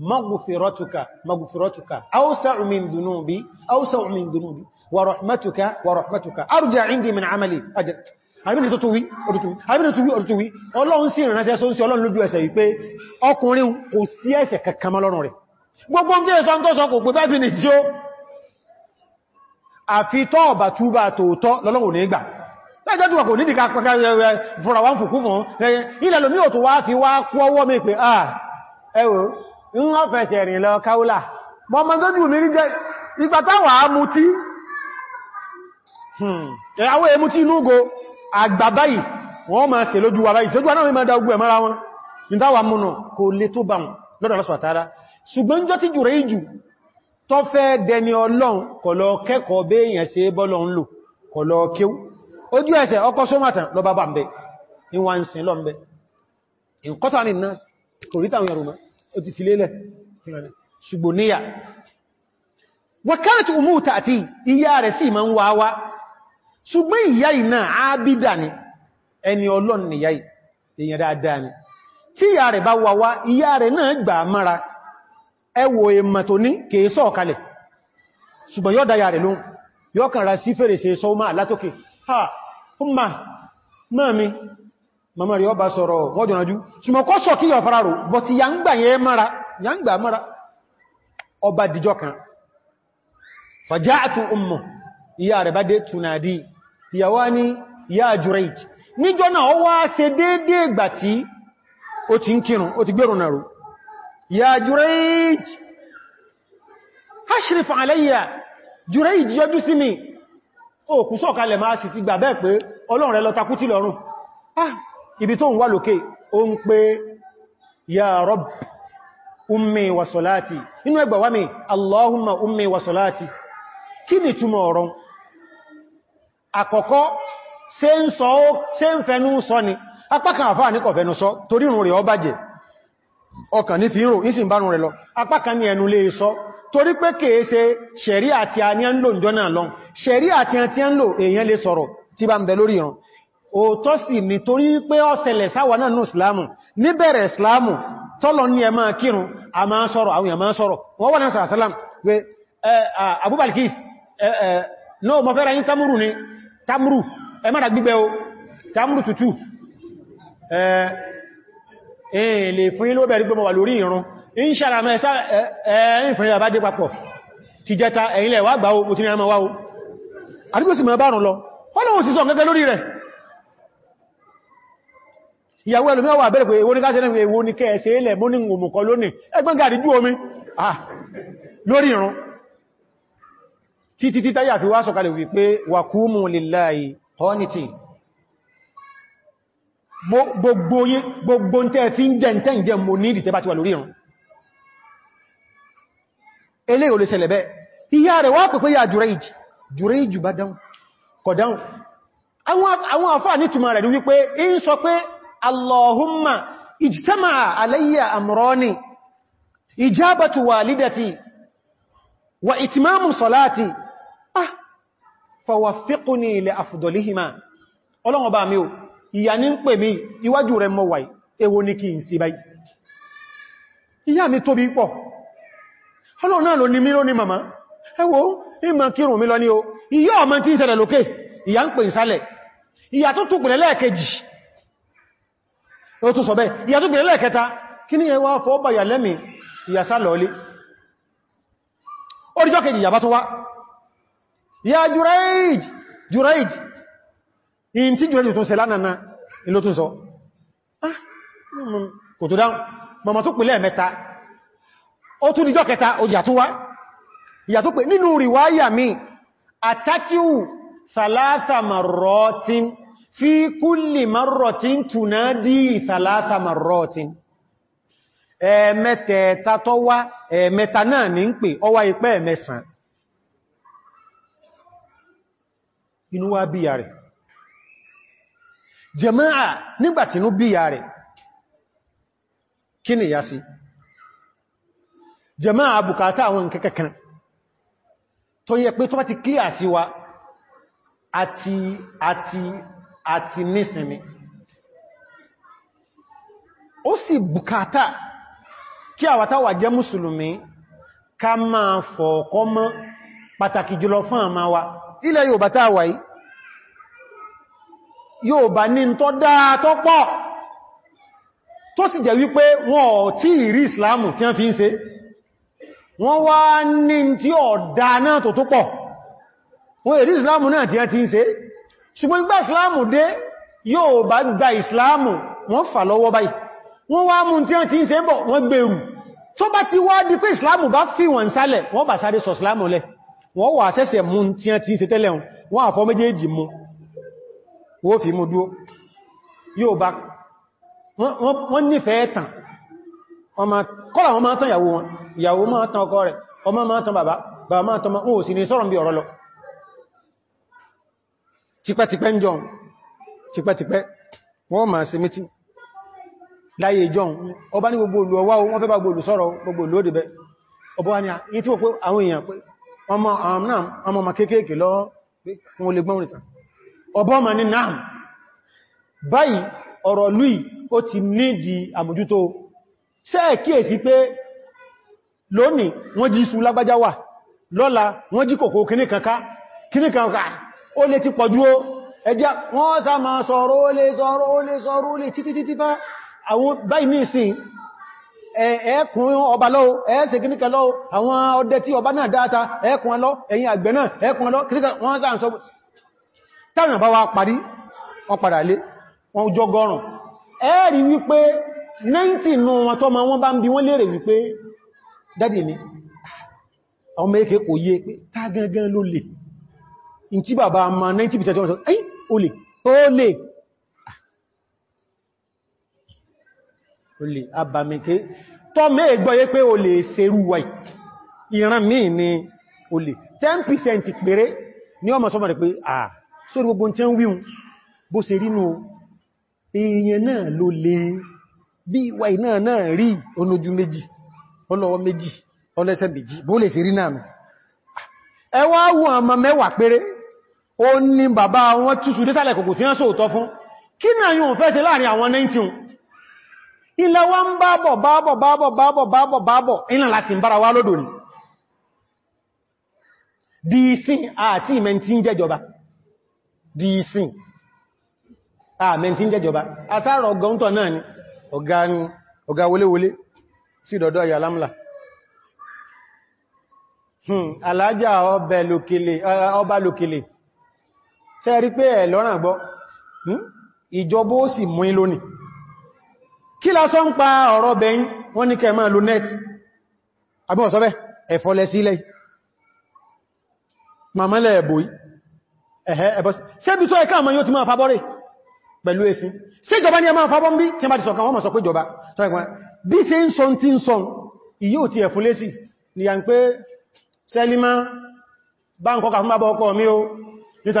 S2: مغفرتك مغفرتك أوسع من ذنوبي أوسع من ذنوبي ورحمتك ورحمتك أرجع عندي من عملي أجل àbínú tó túwí àbínú túwí òtúwí ọlọ́run sí ìrìnàṣẹ́ só ń sí ọlọ́run lójú ẹsẹ̀ wípé ọkùnrin kò sí ẹsẹ̀ kankan mọ́ lọ́rùn rẹ̀ gbogbo tí èsọ́ tó sọ kò pé bẹ́bí ni tí ó àfi tọ́ọ̀bà túbà tòótọ́ lọ́lọ́run nígbà lẹ́jọ́ tí wà kò nídìíká fúnra wọn fùkú fún ilẹ̀ lómi ò tó wá fi wá kú ọwọ́ mi pé ah ẹwọ́ ń ọ́fẹ̀ẹ̀sẹ̀ rìn lọ káúlà mọ́mọ́ tó jù mí ní jẹ́ ìgbà táwà mutí ẹ̀yàwó hmm, èmutí inúgo àgbà wọ́n máa ṣe lójú wa báyìí ṣojú wa náà máa da ogun ẹ̀mọ́ra wọn ní táwà múnà kò lè tó bá wọn lọ́dọ̀ lọ́sọ̀ àtàrà ṣùgbọ́n jọ tí jùrẹ ìjù tó fẹ́ dẹni ọlọ́run kọ̀lọ kẹ́kọ̀ọ́ béèyàn ṣe bọ́lọ ń lò kọ̀lọ kéw ojú ìwọ̀n sin lọ ń ní náà kò rí táwọn yàrùmọ́ ó ti filélẹ̀ ṣùgbọ́n níyà rẹ̀ ma ń wá wá ṣùgbọ́n ìyá ìná ábídà ni ẹni ọlọ́n ni ìyá èèyàn dáadáa ni tí ìyá rẹ̀ bá wá wá rẹ̀ náà gbà mara ẹwọ èèmà tó ní kèèsọ́ ọ̀kalẹ̀ ṣùgbọ́n mama rí ọba sọ̀rọ̀ wọ́jọ̀ nájú ṣùgbọ́n sọ kí yọ bọ̀ ya ń mara ya ń mara ọba dìjọ kan fàjáàtù ummu ìyá rẹ̀ bá dé tunadi ìyàwó ní ìyá náà wá ṣe dédé tí ó ti ń kírun ó ti ìyá alayya yọjú sí mi sọ̀kalẹ̀ máa sì ti gbà bẹ́ẹ̀ pé ọlọ́run rẹ̀ lọ takú ibi tó ń wà lókè ó ń pé ya rob ummi wa salati inú ẹgbà wá mi allahumma ummi wa salati kí ni túmọ̀ ọ̀rọ̀ àkọ́kọ́ ṣe ń sọ ó ṣe ń fẹnu sọ ni apákan àfáà ní kọ̀fẹ́nu sọ torí ìrùn rẹ̀ ọ bàjẹ́ ọkàn ní fi ń rò ìsìn bá rùn rẹ̀ lọ apákan ní ẹnu lè sọ torí pé kèé ṣe ṣẹ̀rí àti àníyàn lò ń náà lọ ṣẹ̀rí àti àníyàn lò èèyàn lè sọ̀rọ̀ tí bá ń bẹ lórí ìran òótọ́ sì ni torí pé ọ̀sẹ̀lẹ̀ sáwà náà nù islamu níbẹ̀rẹ̀ islamu tọ́lọ ní ẹmà kírun a máa sọ̀rọ̀ àwọn èèyàn sọ̀rọ̀ wọ́n wọ́n náà pé abúbalkis náà mọ́ fẹ́ra yín tamuru ni tamuru ẹmọ́dà gbígbẹ́ tamuru tutù èèlè fún ilé obẹ̀rí gbọmọ̀ wà lórí ìrun inṣàlá mẹ́sá ẹ̀ẹ́fìnrin àbájẹ́ papọ̀ ti jẹta ẹ̀yìnlẹ̀ wà gbáwó mo ti ní ẹmọ wáwó àdúgbò sì mọ̀ bárùn lọ ìyàwó ẹlùmí ọwà bẹ̀rẹ̀ pé èwo ní káṣẹ́ náà èwo ní kẹ́ẹ̀ṣẹ́ ilẹ̀ mọ́ ní òmùkọ lónìí ẹgbẹ́n gàrí jú omi lórí ìrun títí títí yà fi wá sọ̀kalẹ̀ wípé wà kúmù lillahi qanitin gbogbo ń tẹ́ fi ń jẹ ǹtẹ́ ìjẹ mò ní ìdìtẹ́ bá ti wà lórí ìrun elé ò lè àwọn àfáà ní túnmà rẹ̀ wípé in sọ pé اللهم اجتمع علي أمران إجابة والدتي وإتمام صلاتي آه فوفقني لأفضلهما ọlọ́run ọba mi ò ìyà ní ń pè mí iwájú rẹ mọ́ wàí èwo ní kí n sí báyìí ìyá mi tóbi pọ̀ ọlọ́run náà tó tún ó tún sọ bẹ́ ìyà tó bèèrè lẹ́ẹ̀kẹta kí ní ẹwà fọ́ bàyà lẹ́mì ìyàsá lọ́lé oríjọ́ kejì ìyàbá tó wá ya jùrẹ́ìj jùrẹ́ìj in tí jùrẹ́ìj tó ń ṣe lánàá ilé tó sọ ah, kò tó dáhùn mọ̀mọ̀ tó pè lẹ́ẹ̀mẹ́ta ó tún ìjọ́ kẹta òjì àtúwá ìyà tó pè nínú rìwáyà mi àtàkíwù sàlásàmàrọ́tín في كل مرة تنادي ثلاث مرات ẹ̀ẹ̀mẹ́tẹ̀ẹ̀ta tó wá ẹ̀ẹ̀mẹ́ta náà ní ń pè ọwá ipẹ́ ẹ̀mẹ́sàn inú wá bíyà rẹ̀ jẹ̀máà nígbàtí inú bíyà rẹ̀ kí ni yá sí jẹ̀máà bùkátà àwọn kẹ́kẹ́kẹ́ tó yẹ pé tó bá ti kíyà sí wa àti àti nísinmi ó sì bùkátà kí àwàtàwà jẹ́ mùsùlùmí ká máa fọ̀ọ̀kọ́ mọ́ pàtàkì jùlọ fún àmà wa ilẹ̀ Yorùbá tàwà yìí Yorùbá ní tọ́ dáa tó pọ̀ tó sì jẹ́ wípé wọn tí ìrí ìsìláàmù tí wọ́n fi ń ṣe wọ́n wá ní tí ọ̀dá náà tó tó pọ̀ wọ́n ìrí ìsìláàmù náà tí wọ́n ti ń ṣe ṣùgbọ́n ìgbà ìsìláàmù dé yóò bá gba ìsìláàmù wọ́n fà lọ́wọ́ báyìí wọ́n wá mú tí wọ́n ti ń ṣe bọ̀ wọ́n gbèrú tó bá ti wá di pé ìsìláàmù bá fi wọ́n sálẹ̀ wọ́n bá sáré sọ ìsìláàmù lẹ̀ wọ́n wà sẹ́sẹ̀ mú tí wọ́n ti ń ṣe tẹ́lẹ̀ wọ́n àfọ́ méjèèjì mú wọ́n fi mú dúó yóò bá wọ́n nífẹ̀ẹ́ tàn kọ́lá wọn máa tán ìyàwó wọn ìyàwó máa tán ọkọ rẹ̀ ọmọ máa tán bàbá bàbá máa tán wọn ò sì ní sọ́rọ̀ bí ọ̀rọ̀ lọ tipẹ́tipẹ́ ń jọun tipẹ́tipẹ́ wọ́n ma ṣe mítí láyé jọun ọba ní gbogbo olú ọwá wọ́n fẹ́ bá gbogbo sọ́rọ̀ gbogbo olú òdìbẹ́ ọba wá ní àyí tí ó pé àwọn èèyàn pé ọmọ náà ọmọ ma kéékèèké lọ fún olè gbọ́n rìtà ọba ọmọ ní náà báyìí ọ̀rọ̀ lùí ó ti nídi ó lè ti pọ̀jú ó ẹjá wọ́n sá máa sọ̀rọ̀ ó lè sọ̀rọ̀ ó lè sọ̀rọ̀ ó lè títí títí bá àwọn báyìí ní ìsìn ẹ̀ẹ́kùn ọba lọ́wọ́ ẹ̀ẹ́sẹ̀ kíníkà lọ́wọ́ àwọn ọdẹ tí ọba náà dáta ẹ̀ẹ́kùn lọ ẹ̀yìn àgbẹ̀ náà ẹ̀ẹ́kùn lọ kíníkà wọ́n sáà ń sọ táwọn bá wá parí wọ́n padà lé wọ́n jọgọ́rùn ẹ̀ẹ́rí wípé 90 nù wọn tọ́ ma wọ́n bá ń bi wọ́n lérè wípé dádì ni ọmọ èké kò yé pé tá gangan ló lè in tí bàbá ma 90% wọn sọ ẹ́yìn olè olè olè abàmìké tọ́ mẹ́ gbọ́yé pé olè serú wà ìran míì ni olè 10% péré ní ọmọ sọmọ rẹ̀ pé à sórí gbogbo tí ń wíhun bó ṣe rínú èèyàn náà ló lè bí ìwà iná náà rí onójú méjì ọlọ́wọ́ méjì ọlẹ́sẹ̀ méjì bó lè ṣe rí náà ẹwà àwọn ọmọ mẹ́wàá péré ó ní bàbá wọn túsù dítàlẹ̀ kòkò tí wọ́n sóòtọ́ fún kí ní àyíwọ̀n fẹ́ ṣe láàrin àwọn 19 ilẹ̀ wa ń bábọ̀ bábọ̀ bábọ̀ bábọ̀ bábọ̀ bábọ̀ iná láti ń bára wá lódò ní dìísìn àti ìmẹ̀ntín jẹjọba dìísìn àmẹ̀ntín jẹjọba asáàrọ̀ ọgọ́ntọ̀ náà ni ọ̀gá ni hmm, ọba lòkèlè tẹ́rí pé ẹ̀ lọ́ràn gbọ́ hmm? ìjọba ó sì mú in lónìí kí lásọ́ ń pa ọ̀rọ̀ bẹ̀yìn wọ́n ní kẹma lo net abúrò sọ́bẹ̀ ẹ̀fọ́lẹ̀ sílẹ̀ mamẹ́lẹ̀ ẹ̀bò sẹ́bí tó ẹ̀ká àmọ́ yóò ti máa fabọ́rẹ̀ pẹ̀lú ẹ̀sìn sí ìjọba ní ẹmà fabọ́ bí tí a bá ń sọ ni à ń pé sẹ́límá bá ń kọ́kà fún bábọ́ ọkọ̀ mi ó ní sọ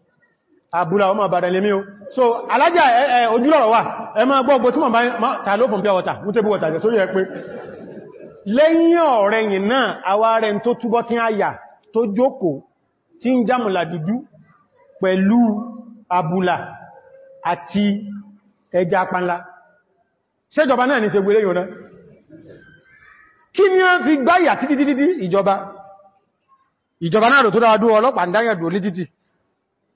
S2: àbúlà ọmọ àbàdàn lèmí o so alájà ojúlọ̀rọ̀ wà ẹ máa gbọ́ ọgbọ́ tí ma ta ló fún pure water mú tébù water sórí ẹ pé lẹ́yìn ọ̀rẹ́ yìn náà àwa rẹ̀ tó túbọ́ tí a yà tó jókòó tí ń jámùlà dúdú pẹ̀lú àbúlà àti ẹja panla ṣẹ́jọba náà ní ṣe gbé lẹ́yìn ọ̀nà kí ni a fi gbáyà títí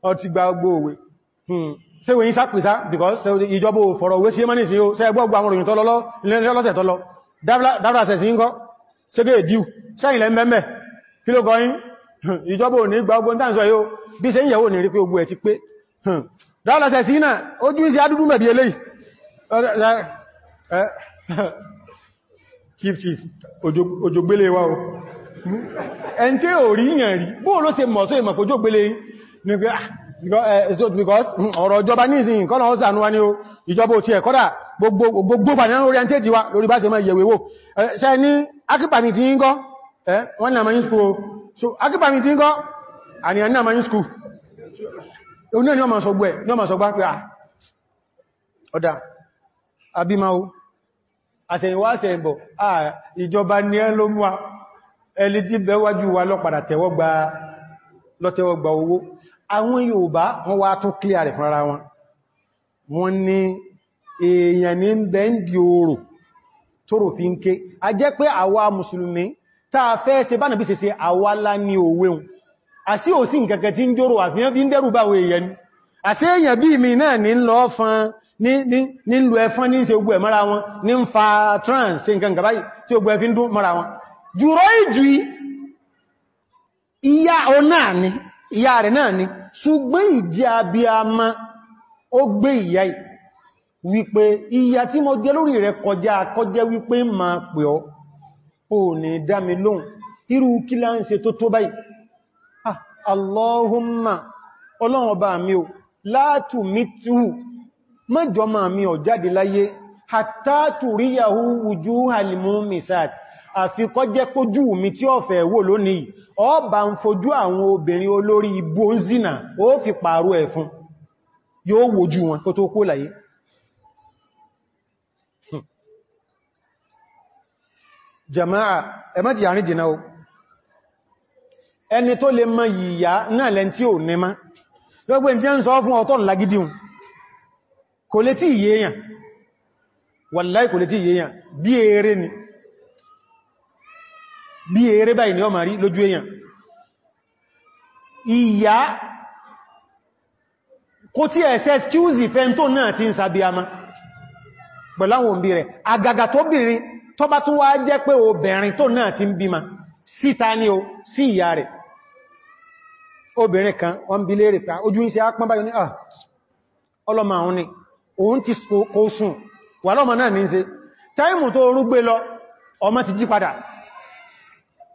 S2: ọtí gba gbogbo òwe hmm. ṣe wèyí sápìsá because ìjọba òfọ̀rọ̀ òwe sí ẹmọ́ nìsí o ṣe gbọ́gbọ́ àwọn òyìn tọ́lọ́lọ́ ilẹ̀-ẹ̀lọ́sẹ̀ tọ́lọ́ dábàṣẹ̀ sí ń kọ́ ṣégé ìdíù sẹ́yìn lẹ́ mẹ́mẹ́ kí ló gọyín hmm. ìjọba ò ní gba ogun tàǹsọ yóò bí ṣe ń yẹ̀wò ní rí hmm. ó jú sí chief chief òjògbélé wa o ẹn tí ò rí yàn rí bóò ló ṣe mọ̀ tó ìmọ̀ because ah, eh, hmm, ọ̀rọ̀ ìjọba ní ìsìn kọ́nà ọ́sà ànúwà ní o ìjọba òtí ẹ̀kọ́dà gbogbo pàdánù orientate wa lórí bá ṣe eh, eh, school so akípàmì tí ń gọ́ àníyàn school oní ẹni ọmọ sọgbọ́ ẹ̀ ní ọmọ sọgbá pé ọ̀dà abímáwó àṣẹ̀yìnwá àṣẹ̀yìnbọ̀ ìjọba ní ẹ ló mú wa ẹni tí bẹ́wájú wa lọ́padà tẹ́wọ́ owó àwọn Yorùbá wọ́n wá tún clear rẹ̀ fúnra wọn wọ́n ní èèyàn ní ń bẹ́ ń di oòrò tóró fi ń ké a jẹ́ pé àwa mùsùlùmí táa fẹ́ ṣe bá nàbí ṣe ṣe àwa lá ní òwéun àsí ò sí nǹkankan tí ń jórò àfihàn ni àsí èèyàn mara wọn ní ń fa trans ṣe nǹkan gàbáyì mara wọn jùrọ ìjù ìyá ọ̀nà ni ìyá rẹ̀ náà ni ṣùgbọ́n ìjẹ́ abíamá ó gbé ìyá ì wípé tí mo jẹ lórí rẹ̀ kọjá kọjẹ́ wípé ma pè ọ́ ò ní dámi lóhùn irú kí lá ń ṣe tó tó báyìí ah Allahumma mi látù ma jáde láyé àfikọ́ jẹ́ kójú mi tí ó fẹ́ wò lónìí ọ bá ń fojú àwọn obìnrin olórí ibú ó ń zìnà ó fi pààrọ̀ ẹ̀ fún yóò wojú wọn tó tó kó láyé jama'a ẹmọ́jì àrin jìnà o ẹni tó lè mọ yìyà náà lẹ́n tí ò nẹ́má gbogbo ìfẹ́ ń sọ fún ọ̀tọ̀ lágídíun kò lè tí ìyẹ́yàn bí eré ni bí eré báyìí ni ọmọ rí lójú èèyàn ìyá kó tí ẹ̀ṣẹ́ skúzi fẹ́ tó náà ti ń sàbí ma pẹ̀láwọn òbí rẹ̀ àgàgà tó bìnrin tó bá tún wá jẹ́ pé obìnrin tó náà ti ń bímá síta ní o sí ìyá rẹ̀ obìnrin kan wọ́n bí lérè pé ojú ń ṣe ápán báyìí ní ọlọ́mà àwọn lọ ọmọ ti jí padà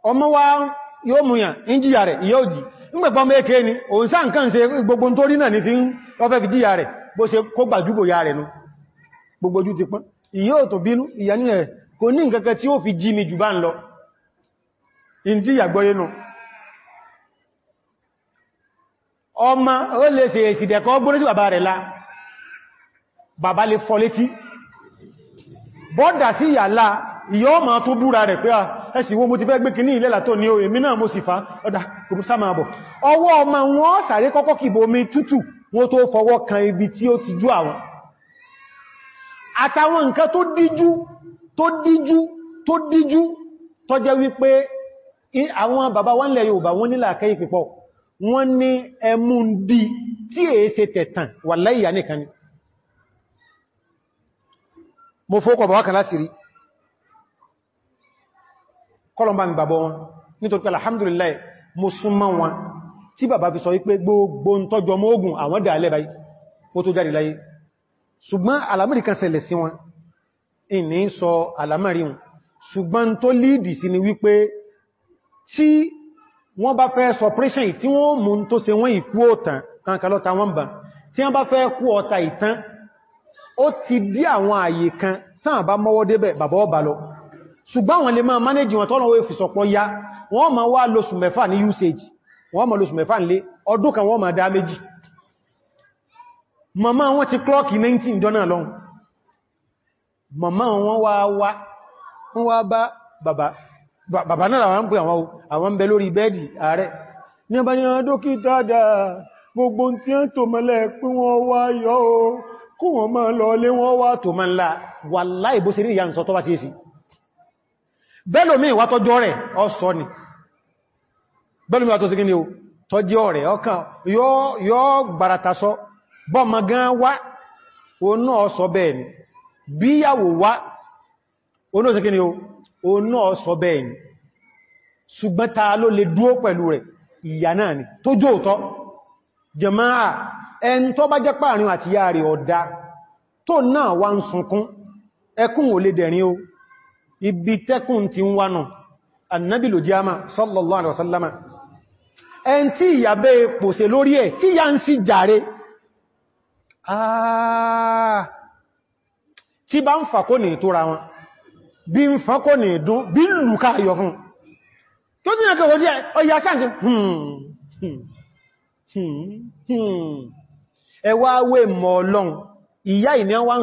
S2: ọmọ wa yóò múyàn ń jíyà rẹ̀ ìyá òjì nígbẹ̀pọ̀ mẹ́kẹ́ ni òun sáà nǹkan se gbogbo tó rí náà ní fi ń lọ́fẹ́ fi jíyà rẹ̀ ṣe kó gbàjúgbò ya rẹ̀ nú gbogbo ojú ti pọ́n ìyá ò bínú ìyá ní ẹ̀ kò ní nǹkankan tí ó fi jí mi jù bá ń lọ ìyá ọmọ tó búra rẹ̀ pé ah, ẹsì wo mo ti fẹ́ gbé kì ní ilẹ̀ látọ́ ní oye mínà mo sì fa ọ̀dá kùrùsá máa bọ̀ ọwọ́ ọmọ wọn sàrí kọ́kọ́ kìbò omi tútù wọ́n tó fọwọ́ kan ibi tí ó ti jú àwọn àtàwọn nǹkan tó díjú tó díjú tó díjú tó jẹ́ wípé àwọn bàbá wọn lẹ̀ Yorùbá wọn nílà akẹ́ ìpìpọ̀ wọ́n ní ẹmú dí tí èé ṣe tẹ̀tàn wà láìyà nìkan ni mo fókọ̀ bàwákan láti rí kọlọmbà mi bàbá wọn nítorí pẹ̀lú alhamdulillah mo súnmọ́ wọn tí bàbá fi sọ wípé gbogbo ń tọ́jọ mọ́gùn àwọn dà alẹ́ báyìí ó tó jáde láyé ṣùgbọ́n alamari kan ṣẹlẹ̀ sí wọn ìní sọ alamari wọn ṣùgbọ́n tó líìdì sí ni wípé tí wọ́n bá fẹ́ sọ pẹ́ṣẹ́ tí wọ́n mú tó ṣe wọ́n ìkú ọ̀tàn kankalọ́ta wọ́n bà tí wọ́n bá fẹ́ kú ọ̀tà ìtàn ó ti dí àwọn àyè kan tán àbá mọ́wọ́ débẹ̀ bàbá ọba lọ ṣùgbọ́n wọn lè máa manage wọn tọ́nà wọ́n fi sọpọ̀ ya wọ́n ma wá lóṣù mẹ́fà ní usage wọ́n ma lóṣù mẹ́fà nílé ọdún kan wọ́n ma dá méjì màmá wọn ti klọ́ọ̀kì 19 dọ́nà lọ́n màmá wọn wá wá wọ́n wá bá bàbá bàbá náà wọ́n pè àwọn àwọn bẹ lórí bẹ́ẹ̀dì ààrẹ ní ọba ní ah, dókítà dáa gbogbo máa lọ lé wọ́n wá tó máa ńlá wà láìbó sí rí ìyànsọ́ tó bá sí èsì bẹ́lòmí wà tọ́jọ́ rẹ̀ ọ̀sọ́ ni bẹ́lòmí wà tó sí kí o tọ́jọ́ rẹ̀ ọkàn yọ́ gbàràtàsọ́ bọ́mọ gan wá onú ọ̀sọ́ bẹ́ẹ̀ ni bíyàwó wá onú sí kí ni o onú ọ̀sọ́ bẹ́ẹ̀ ni ṣùgbọ́n ta ló lè dúó pẹ̀lú rẹ̀ ìyà náà ni tó jó òtọ́ jẹmáà ẹni tó bá jẹ́ páàrin àti yáà rẹ̀ ọ̀dá tó náà wá ń sunkún ẹkún ò lè dẹ̀rin o ibi tẹ́kùn ti ń wánà annabi ló jẹ́ àmà sallallahu alaihi wasallama ẹn tí ìyàbẹ́ pòsè lórí ẹ̀ tí ya ń sí jàre tí bá ń fàkó ní ìtura wọn bí ń fàkó ní ìdún bí ń lùkà ayọ̀ fún tó tí nàkẹ́ wọ́dí ọya sáàtì ẹwà awé mọ̀ ọlọ́run ìyá ìní wọ́n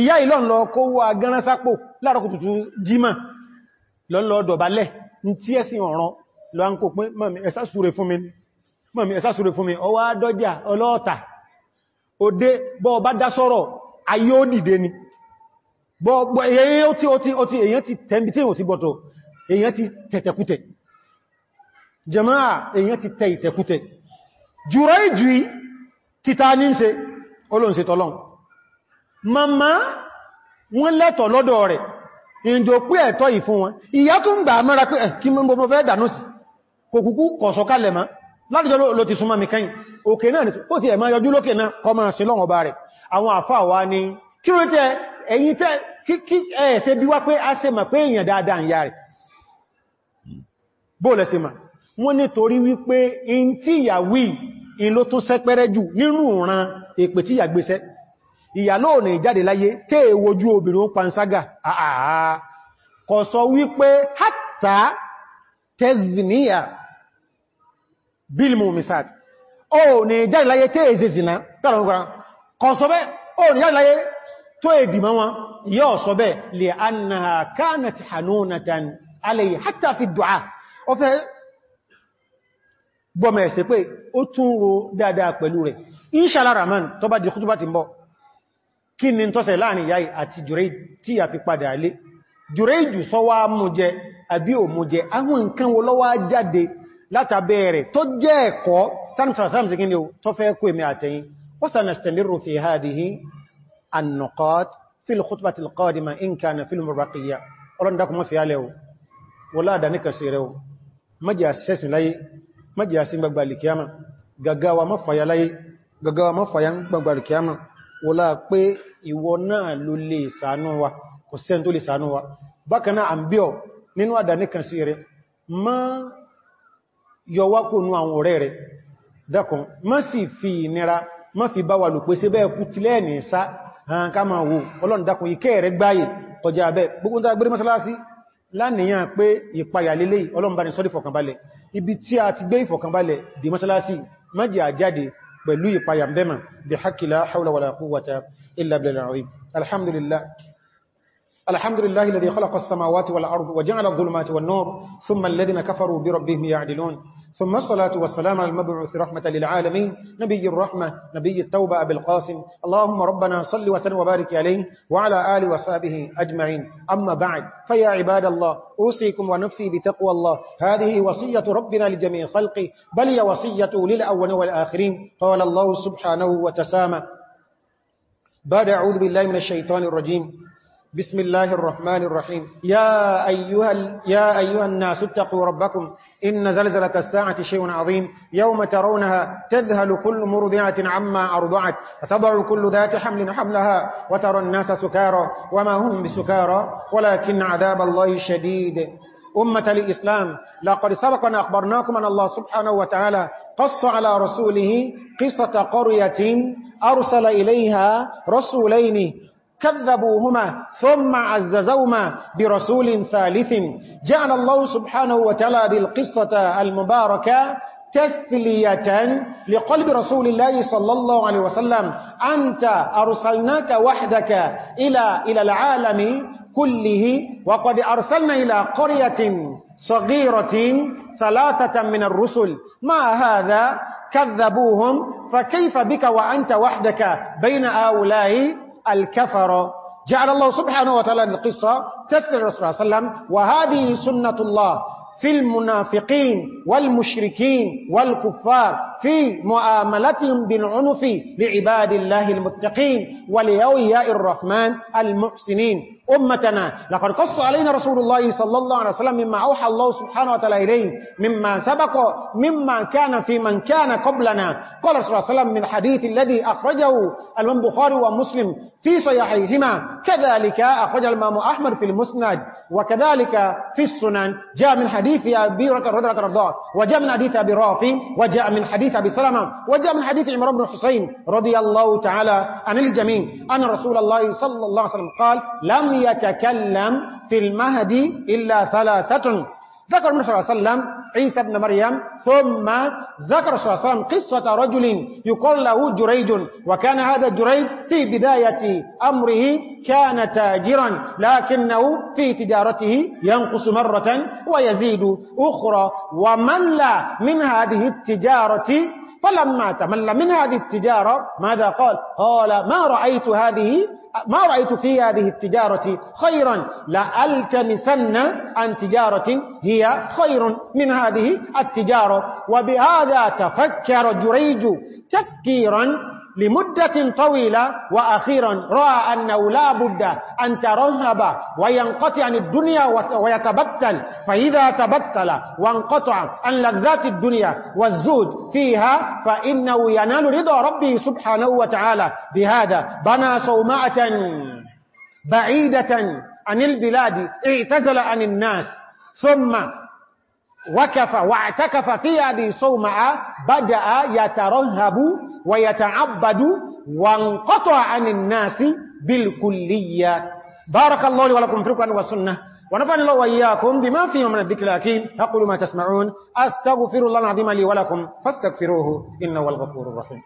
S2: ìyá ìlọ́n lọ kó wà gánrán sápò láàrọ̀kù tuntun jímà lọ́lọ́ dọ̀bálẹ̀ ní tí ẹ̀sìn ọ̀ràn lọ ń kò pín mọ́mí ẹ̀sásúre fún mi mọ́mí ẹ̀sásúre fún mi ọwá dọ́jà ọlọ́ọ̀ta òdé bọ́ bá dá sọ́rọ̀ ayé ó dìde ni èyàn ti tẹ̀mí tí èyàn ti bọ̀tọ̀ èyàn ti tẹ̀tẹ̀kútẹ̀ jàmáà èyàn ti tẹ̀ ìtẹ̀kútẹ̀ jùrọ̀ ìjù títà ní màmá wọ́n lẹ́tọ̀ lọ́dọ̀ rẹ̀ ìjò pé ẹ̀tọ́ yìí fún wọn ìyá tó ń gbà mọ́ra pé eh, kí mọ́ mọ́ fẹ́ dànù sí kò kúkú kọ̀sọ̀ kalẹ̀ mọ́ láàrínjọ́ ló ti súnmọ́ mi kẹ́yìn òkè náà ó ti ẹ̀mọ́ yọjú lókè náà kọ máa sí lọ́wọ́ bá rẹ̀ àwọn àfáà wá ní kí ló tẹ́ ẹ̀yìn tẹ́ kí ẹ̀ẹ̀ṣẹ́ bí wá pé a ṣe mà pé èèyàn dáadáa ìyá rẹ̀ bóòlẹ̀ ṣe mà wọ́n nítorí wípé in tí ìyàwó in ló tún sẹ́pẹ́rẹ́ jù nínú ìran èpè tí ìyàgbéṣẹ́ ìyàló ní ìjáde láyé tí èwojú obìnrin panṣágà àà kò sọ wípé hátà tẹ́zìníyà bílmù misat o ní ìjáde láyé tí èzè zìnà tọ́rọ nígbàrá kò sọ bẹ́ o ní ìjáde láyé tó èdìmọ́ wọn yóò sọ bẹ́ lè annaha kánàtì hanúnatan alayhi hátà fi ẹ̀sẹ̀ pé ó tún ro dáadáa pẹ̀lú rẹ̀ inṣàlá rahman tó bá di kútúbá ti ń bọ̀ kí ni tọ́sẹ̀ láàrin ìyá àti jùrẹ́ tí a fi padà alé jùrẹ́ ìjù sọ wá mú jẹ àbí ò mú jẹ àwọn nǹkan wo ló wá jáde látàbẹ̀ rẹ̀ tó jẹ́ ẹ̀kọ́ tánìsàrásàmì sí kí ni ó tó fẹ́ kú èmì àtẹ́yìn wa sanastamiru fi hadhihi an-nuqat fi al-khutbati al-qadima in kana fi gagawa mọ́fàyà gagawa mọ́fàyà gbagbalì kíyàmà wọlá pé ìwọ náà ló lè ṣàánú wa kò sẹ́n tó lè ṣàánú wa bákanáà àmbíọ̀ nínú àdáníkan sí rẹ̀ má yọwákòónú àwọn ọ̀rẹ́ rẹ̀ dákan má sì fi ìnira má fi bá wà lò pé sí bẹ́ẹ̀kú tilẹ́ẹ̀nì sá hàn ká máa wo ọlọ́run dákan ikẹ́ rẹ̀ gbáyè kọjá abẹ́ gbogbo tá di mọ́sálásí má jẹ́ àjáde بلو يبايام pẹ̀lú بحق لا حول ولا قوة إلا illa العظيم الحمد لله الحمد لله الذي خلق السماوات والأرض وجعل الظلمات والنور ثم الذين كفروا بربهم يعدلون ثم الصلاة والسلام على المبعوث رحمة للعالمين نبي الرحمة نبي التوبة أبي القاسم اللهم ربنا صل وسلم وبارك عليه وعلى آل وصحبه أجمعين أما بعد فيا عباد الله أوصيكم ونفسي بتقوى الله هذه وصية ربنا لجميع خلقه بل هي وصية للأول والآخرين قال الله سبحانه وتسامى بعد أعوذ بالله من الشيطان الرجيم بسم الله الرحمن الرحيم يا أيها, يا أيها الناس اتقوا ربكم إن زلزلة الساعة شيء عظيم يوم ترونها تذهل كل مرضعة عما أرضعت وتضع كل ذات حمل حملها وترى الناس سكارى وما هم بسكارى ولكن عذاب الله شديد أمة الإسلام لقد سبق أن أخبرناكم أن الله سبحانه وتعالى قص على رسوله قصة قرية أرسل إليها رسولين كذبوهما ثم عززوما برسول ثالث جعل الله سبحانه وتعالى بالقصة المباركة تثلية لقلب رسول الله صلى الله عليه وسلم أنت أرسلناك وحدك إلى, إلى العالم كله وقد أرسلنا إلى قرية صغيرة ثلاثة من الرسل ما هذا كذبوهم فكيف بك وأنت وحدك بين هؤلاء الكفر جعل الله سبحانه وتعالى القصة تسل الرسول صلى الله عليه وسلم وهذه سنة الله في المنافقين والمشركين والكفار في معاملتهم بالعنف لعباد الله المتقين وليوياء الرحمن المحسنين أمتنا لقد قص علينا رسول الله صلى الله عليه وسلم مما أوحى الله سبحانه وتعالى إليه مما سبق مما كان في من كان قبلنا قال رسول الله صلى الله عليه وسلم من الحديث الذي أخرجه البخاري ومسلم في صيحيهما كذلك أخرج الإمام أحمد في المسند وكذلك في السنن جاء من حديث أبي رضي الله وجاء من حديث أبي رافع وجاء من حديث أبي سلمة وجاء من حديث عمر بن حسين رضي الله تعالى عن الجميع أن رسول الله صلى الله عليه وسلم قال لم يتكلم في المهدي إلا ثلاثة ذكر النبي صلى الله عليه وسلم عيسى بن مريم ثم ذكر صلى الله عليه وسلم قصة رجل يقال له جريج وكان هذا جريج في بداية أمره كان تاجرا لكنه في تجارته ينقص مرة ويزيد أخرى لا من هذه التجارة فلما تمل من هذه التجارة ماذا قال قال ما رأيت هذه ما رأيت في هذه التجارة خيرا لألتمسن عن تجارة هي خير من هذه التجارة وبهذا تفكر جريج تفكيرا لمدة طويلة وأخيرا رأى أنه لا بد أن ترهب وينقطع عن الدنيا ويتبتل فإذا تبتل وانقطع عن لذات الدنيا والزود فيها فإنه ينال رضا ربه سبحانه وتعالى بهذا بنى صومعة بعيدة عن البلاد اعتزل عن الناس ثم وكف واعتكف في هذه الصومعة بدأ يترهب ويتعبد وانقطع عن الناس بالكلية بارك الله لي ولكم في القرآن والسنة ونفعني الله وإياكم بما فيه من الذكر الأكيم أقول ما تسمعون أستغفر الله العظيم لي ولكم فاستغفروه إنه الغفور الرحيم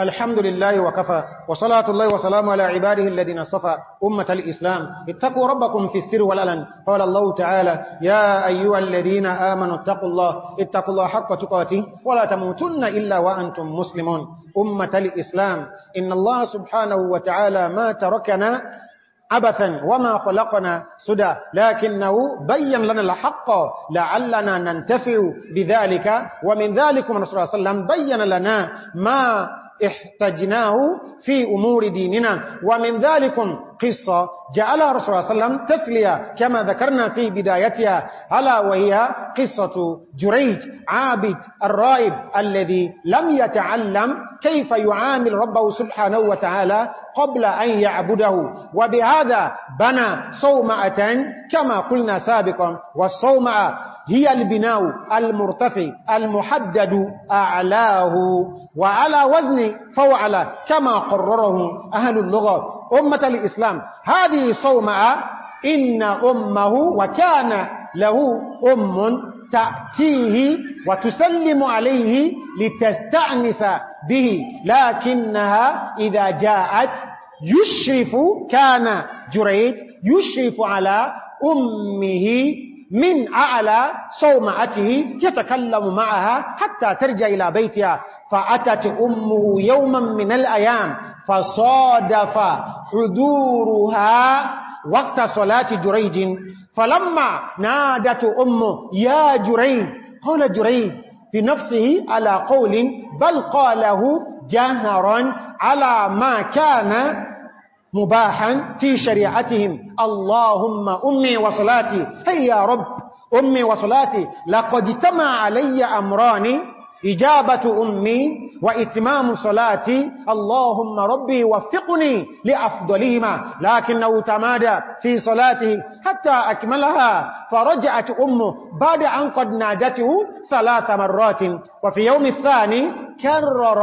S2: الحمد لله وكفى وصلاة الله وسلام على عباده الذين اصطفى أمة الإسلام اتقوا ربكم في السر والألن قال الله تعالى يا أيها الذين آمنوا اتقوا الله اتقوا الله حق تقاته ولا تموتن إلا وأنتم مسلمون أمة الإسلام إن الله سبحانه وتعالى ما تركنا عبثا وما خلقنا سدى لكنه بيّن لنا الحق لعلنا ننتفع بذلك ومن ذلك من رسول الله صلى الله عليه وسلم بيّن لنا ما احتجناه في أمور ديننا ومن ذلك قصة جعلها رسول الله صلى الله عليه وسلم تسلية كما ذكرنا في بدايتها ألا وهي قصة جريج عابد الرائب الذي لم يتعلم كيف يعامل ربه سبحانه وتعالى قبل أن يعبده وبهذا بنى صومعة كما قلنا سابقا والصومعة هي البناء المرتفع المحدد أعلاه وعلى وزن فوعل كما قرره أهل اللغة أمة الإسلام هذه صومعة إن أمه وكان له أم تأتيه وتسلم عليه لتستعنس به لكنها إذا جاءت يشرف كان جريد يشرف على أمه من أعلى صومعته يتكلم معها حتى ترجع إلى بيتها فأتت أمه يوما من الأيام فصادف حضورها وقت صلاة جريج فلما نادت أمه يا جريج قال جريج في نفسه على قول بل قاله جهرا على ما كان مباحا في شريعتهم اللهم أمي وصلاتي هيا رب أمي وصلاتي لقد اجتمع علي أمران إجابة أمي وإتمام صلاتي اللهم ربي وفقني لأفضلهما لكنه تمادى في صلاته حتى أكملها فرجعت أمه بعد أن قد نادته ثلاث مرات وفي يوم الثاني كرر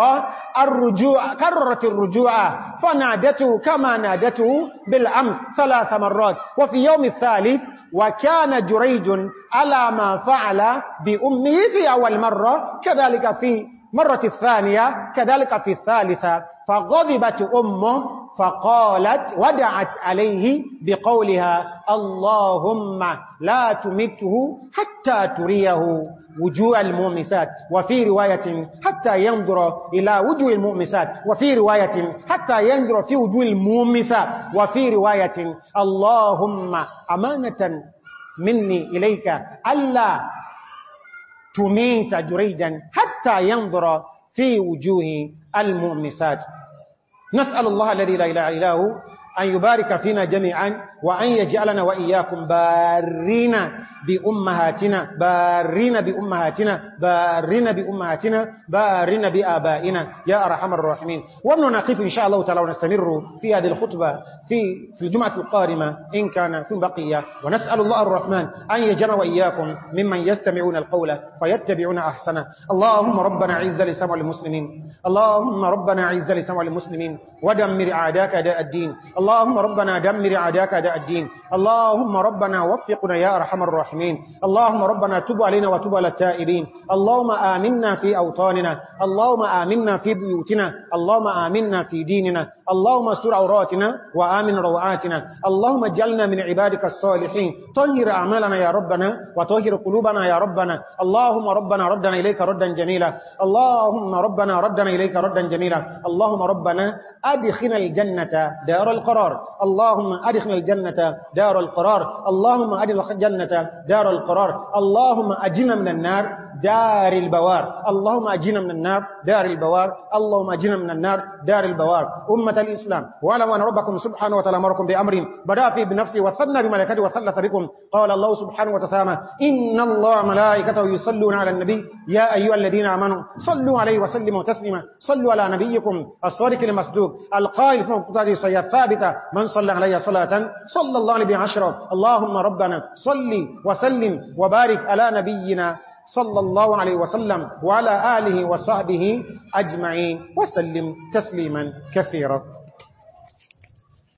S2: الرجوع كررت الرجوع فنادته كما نادته بالأمس ثلاث مرات وفي يوم الثالث وكان جريج على ما فعل بأمه في أول مرة كذلك في مرة الثانية كذلك في الثالثة فغضبت أمه فقالت ودعت عليه بقولها اللهم لا تمته حتى تريه وجوه المؤمسات وفي رواية حتى ينظر إلى وجوه المؤمسات وفي رواية حتى ينظر في وجوه المؤمسات وفي رواية اللهم أمانة مني إليك ألا تميت جريدا حتى ينظر في وجوه المؤمسات نسأل الله الذي لا إله إلا هو أن يبارك فينا جميعا وأن يجعلنا وإياكم بارين بأمهاتنا بارين بأمهاتنا بارين بأمهاتنا بارين بآبائنا يا أرحم الراحمين وأن نقف إن شاء الله تعالى ونستمر في هذه الخطبة في في الجمعة القادمة إن كان في بقية ونسأل الله الرحمن أن يجعلنا وإياكم ممن يستمعون القول فيتبعون أحسنه اللهم ربنا عز لسمع المسلمين اللهم ربنا عز لسمع المسلمين ودمر عاداك داء الدين اللهم ربنا دمر عاداك داء الدين اللهم ربنا وفقنا يا أرحم الراحمين اللهم ربنا تب علينا وتب على التائبين اللهم آمنا في أوطاننا اللهم آمنا في بيوتنا اللهم آمنا في ديننا اللهم استر عوراتنا وآمن روعاتنا اللهم اجعلنا من عبادك الصالحين طهر أعمالنا يا ربنا وطهر قلوبنا يا ربنا اللهم ربنا ردنا إليك ردا جميلا اللهم ربنا ردنا إليك ردا جميلا اللهم ربنا أدخنا الجنة دار القرار اللهم أدخنا الجنة دار القرار اللهم أدخنا الجنة دار القرار اللهم أجنا من النار دار البوار اللهم أجنا من النار دار البوار اللهم أجنا من النار دار البوار أمة الإسلام وعلم أن ربكم سبحانه وتعالى أمركم بأمر بدأ في بنفسه وثنى بملكته وثلث بكم قال الله سبحانه وتسامى إن الله ملائكته يصلون على النبي يا أيها الذين آمنوا صلوا عليه وسلموا تسلما صلوا على نبيكم الصادق المصدوق القائل في مقتضى الصية ثابتة من صلى علي صلاة صلى الله عليه عشرة اللهم ربنا صل وسلم وبارك على نبينا صلى الله عليه وسلم وعلى آله وصحبه أجمعين وسلم تسليما كثيرا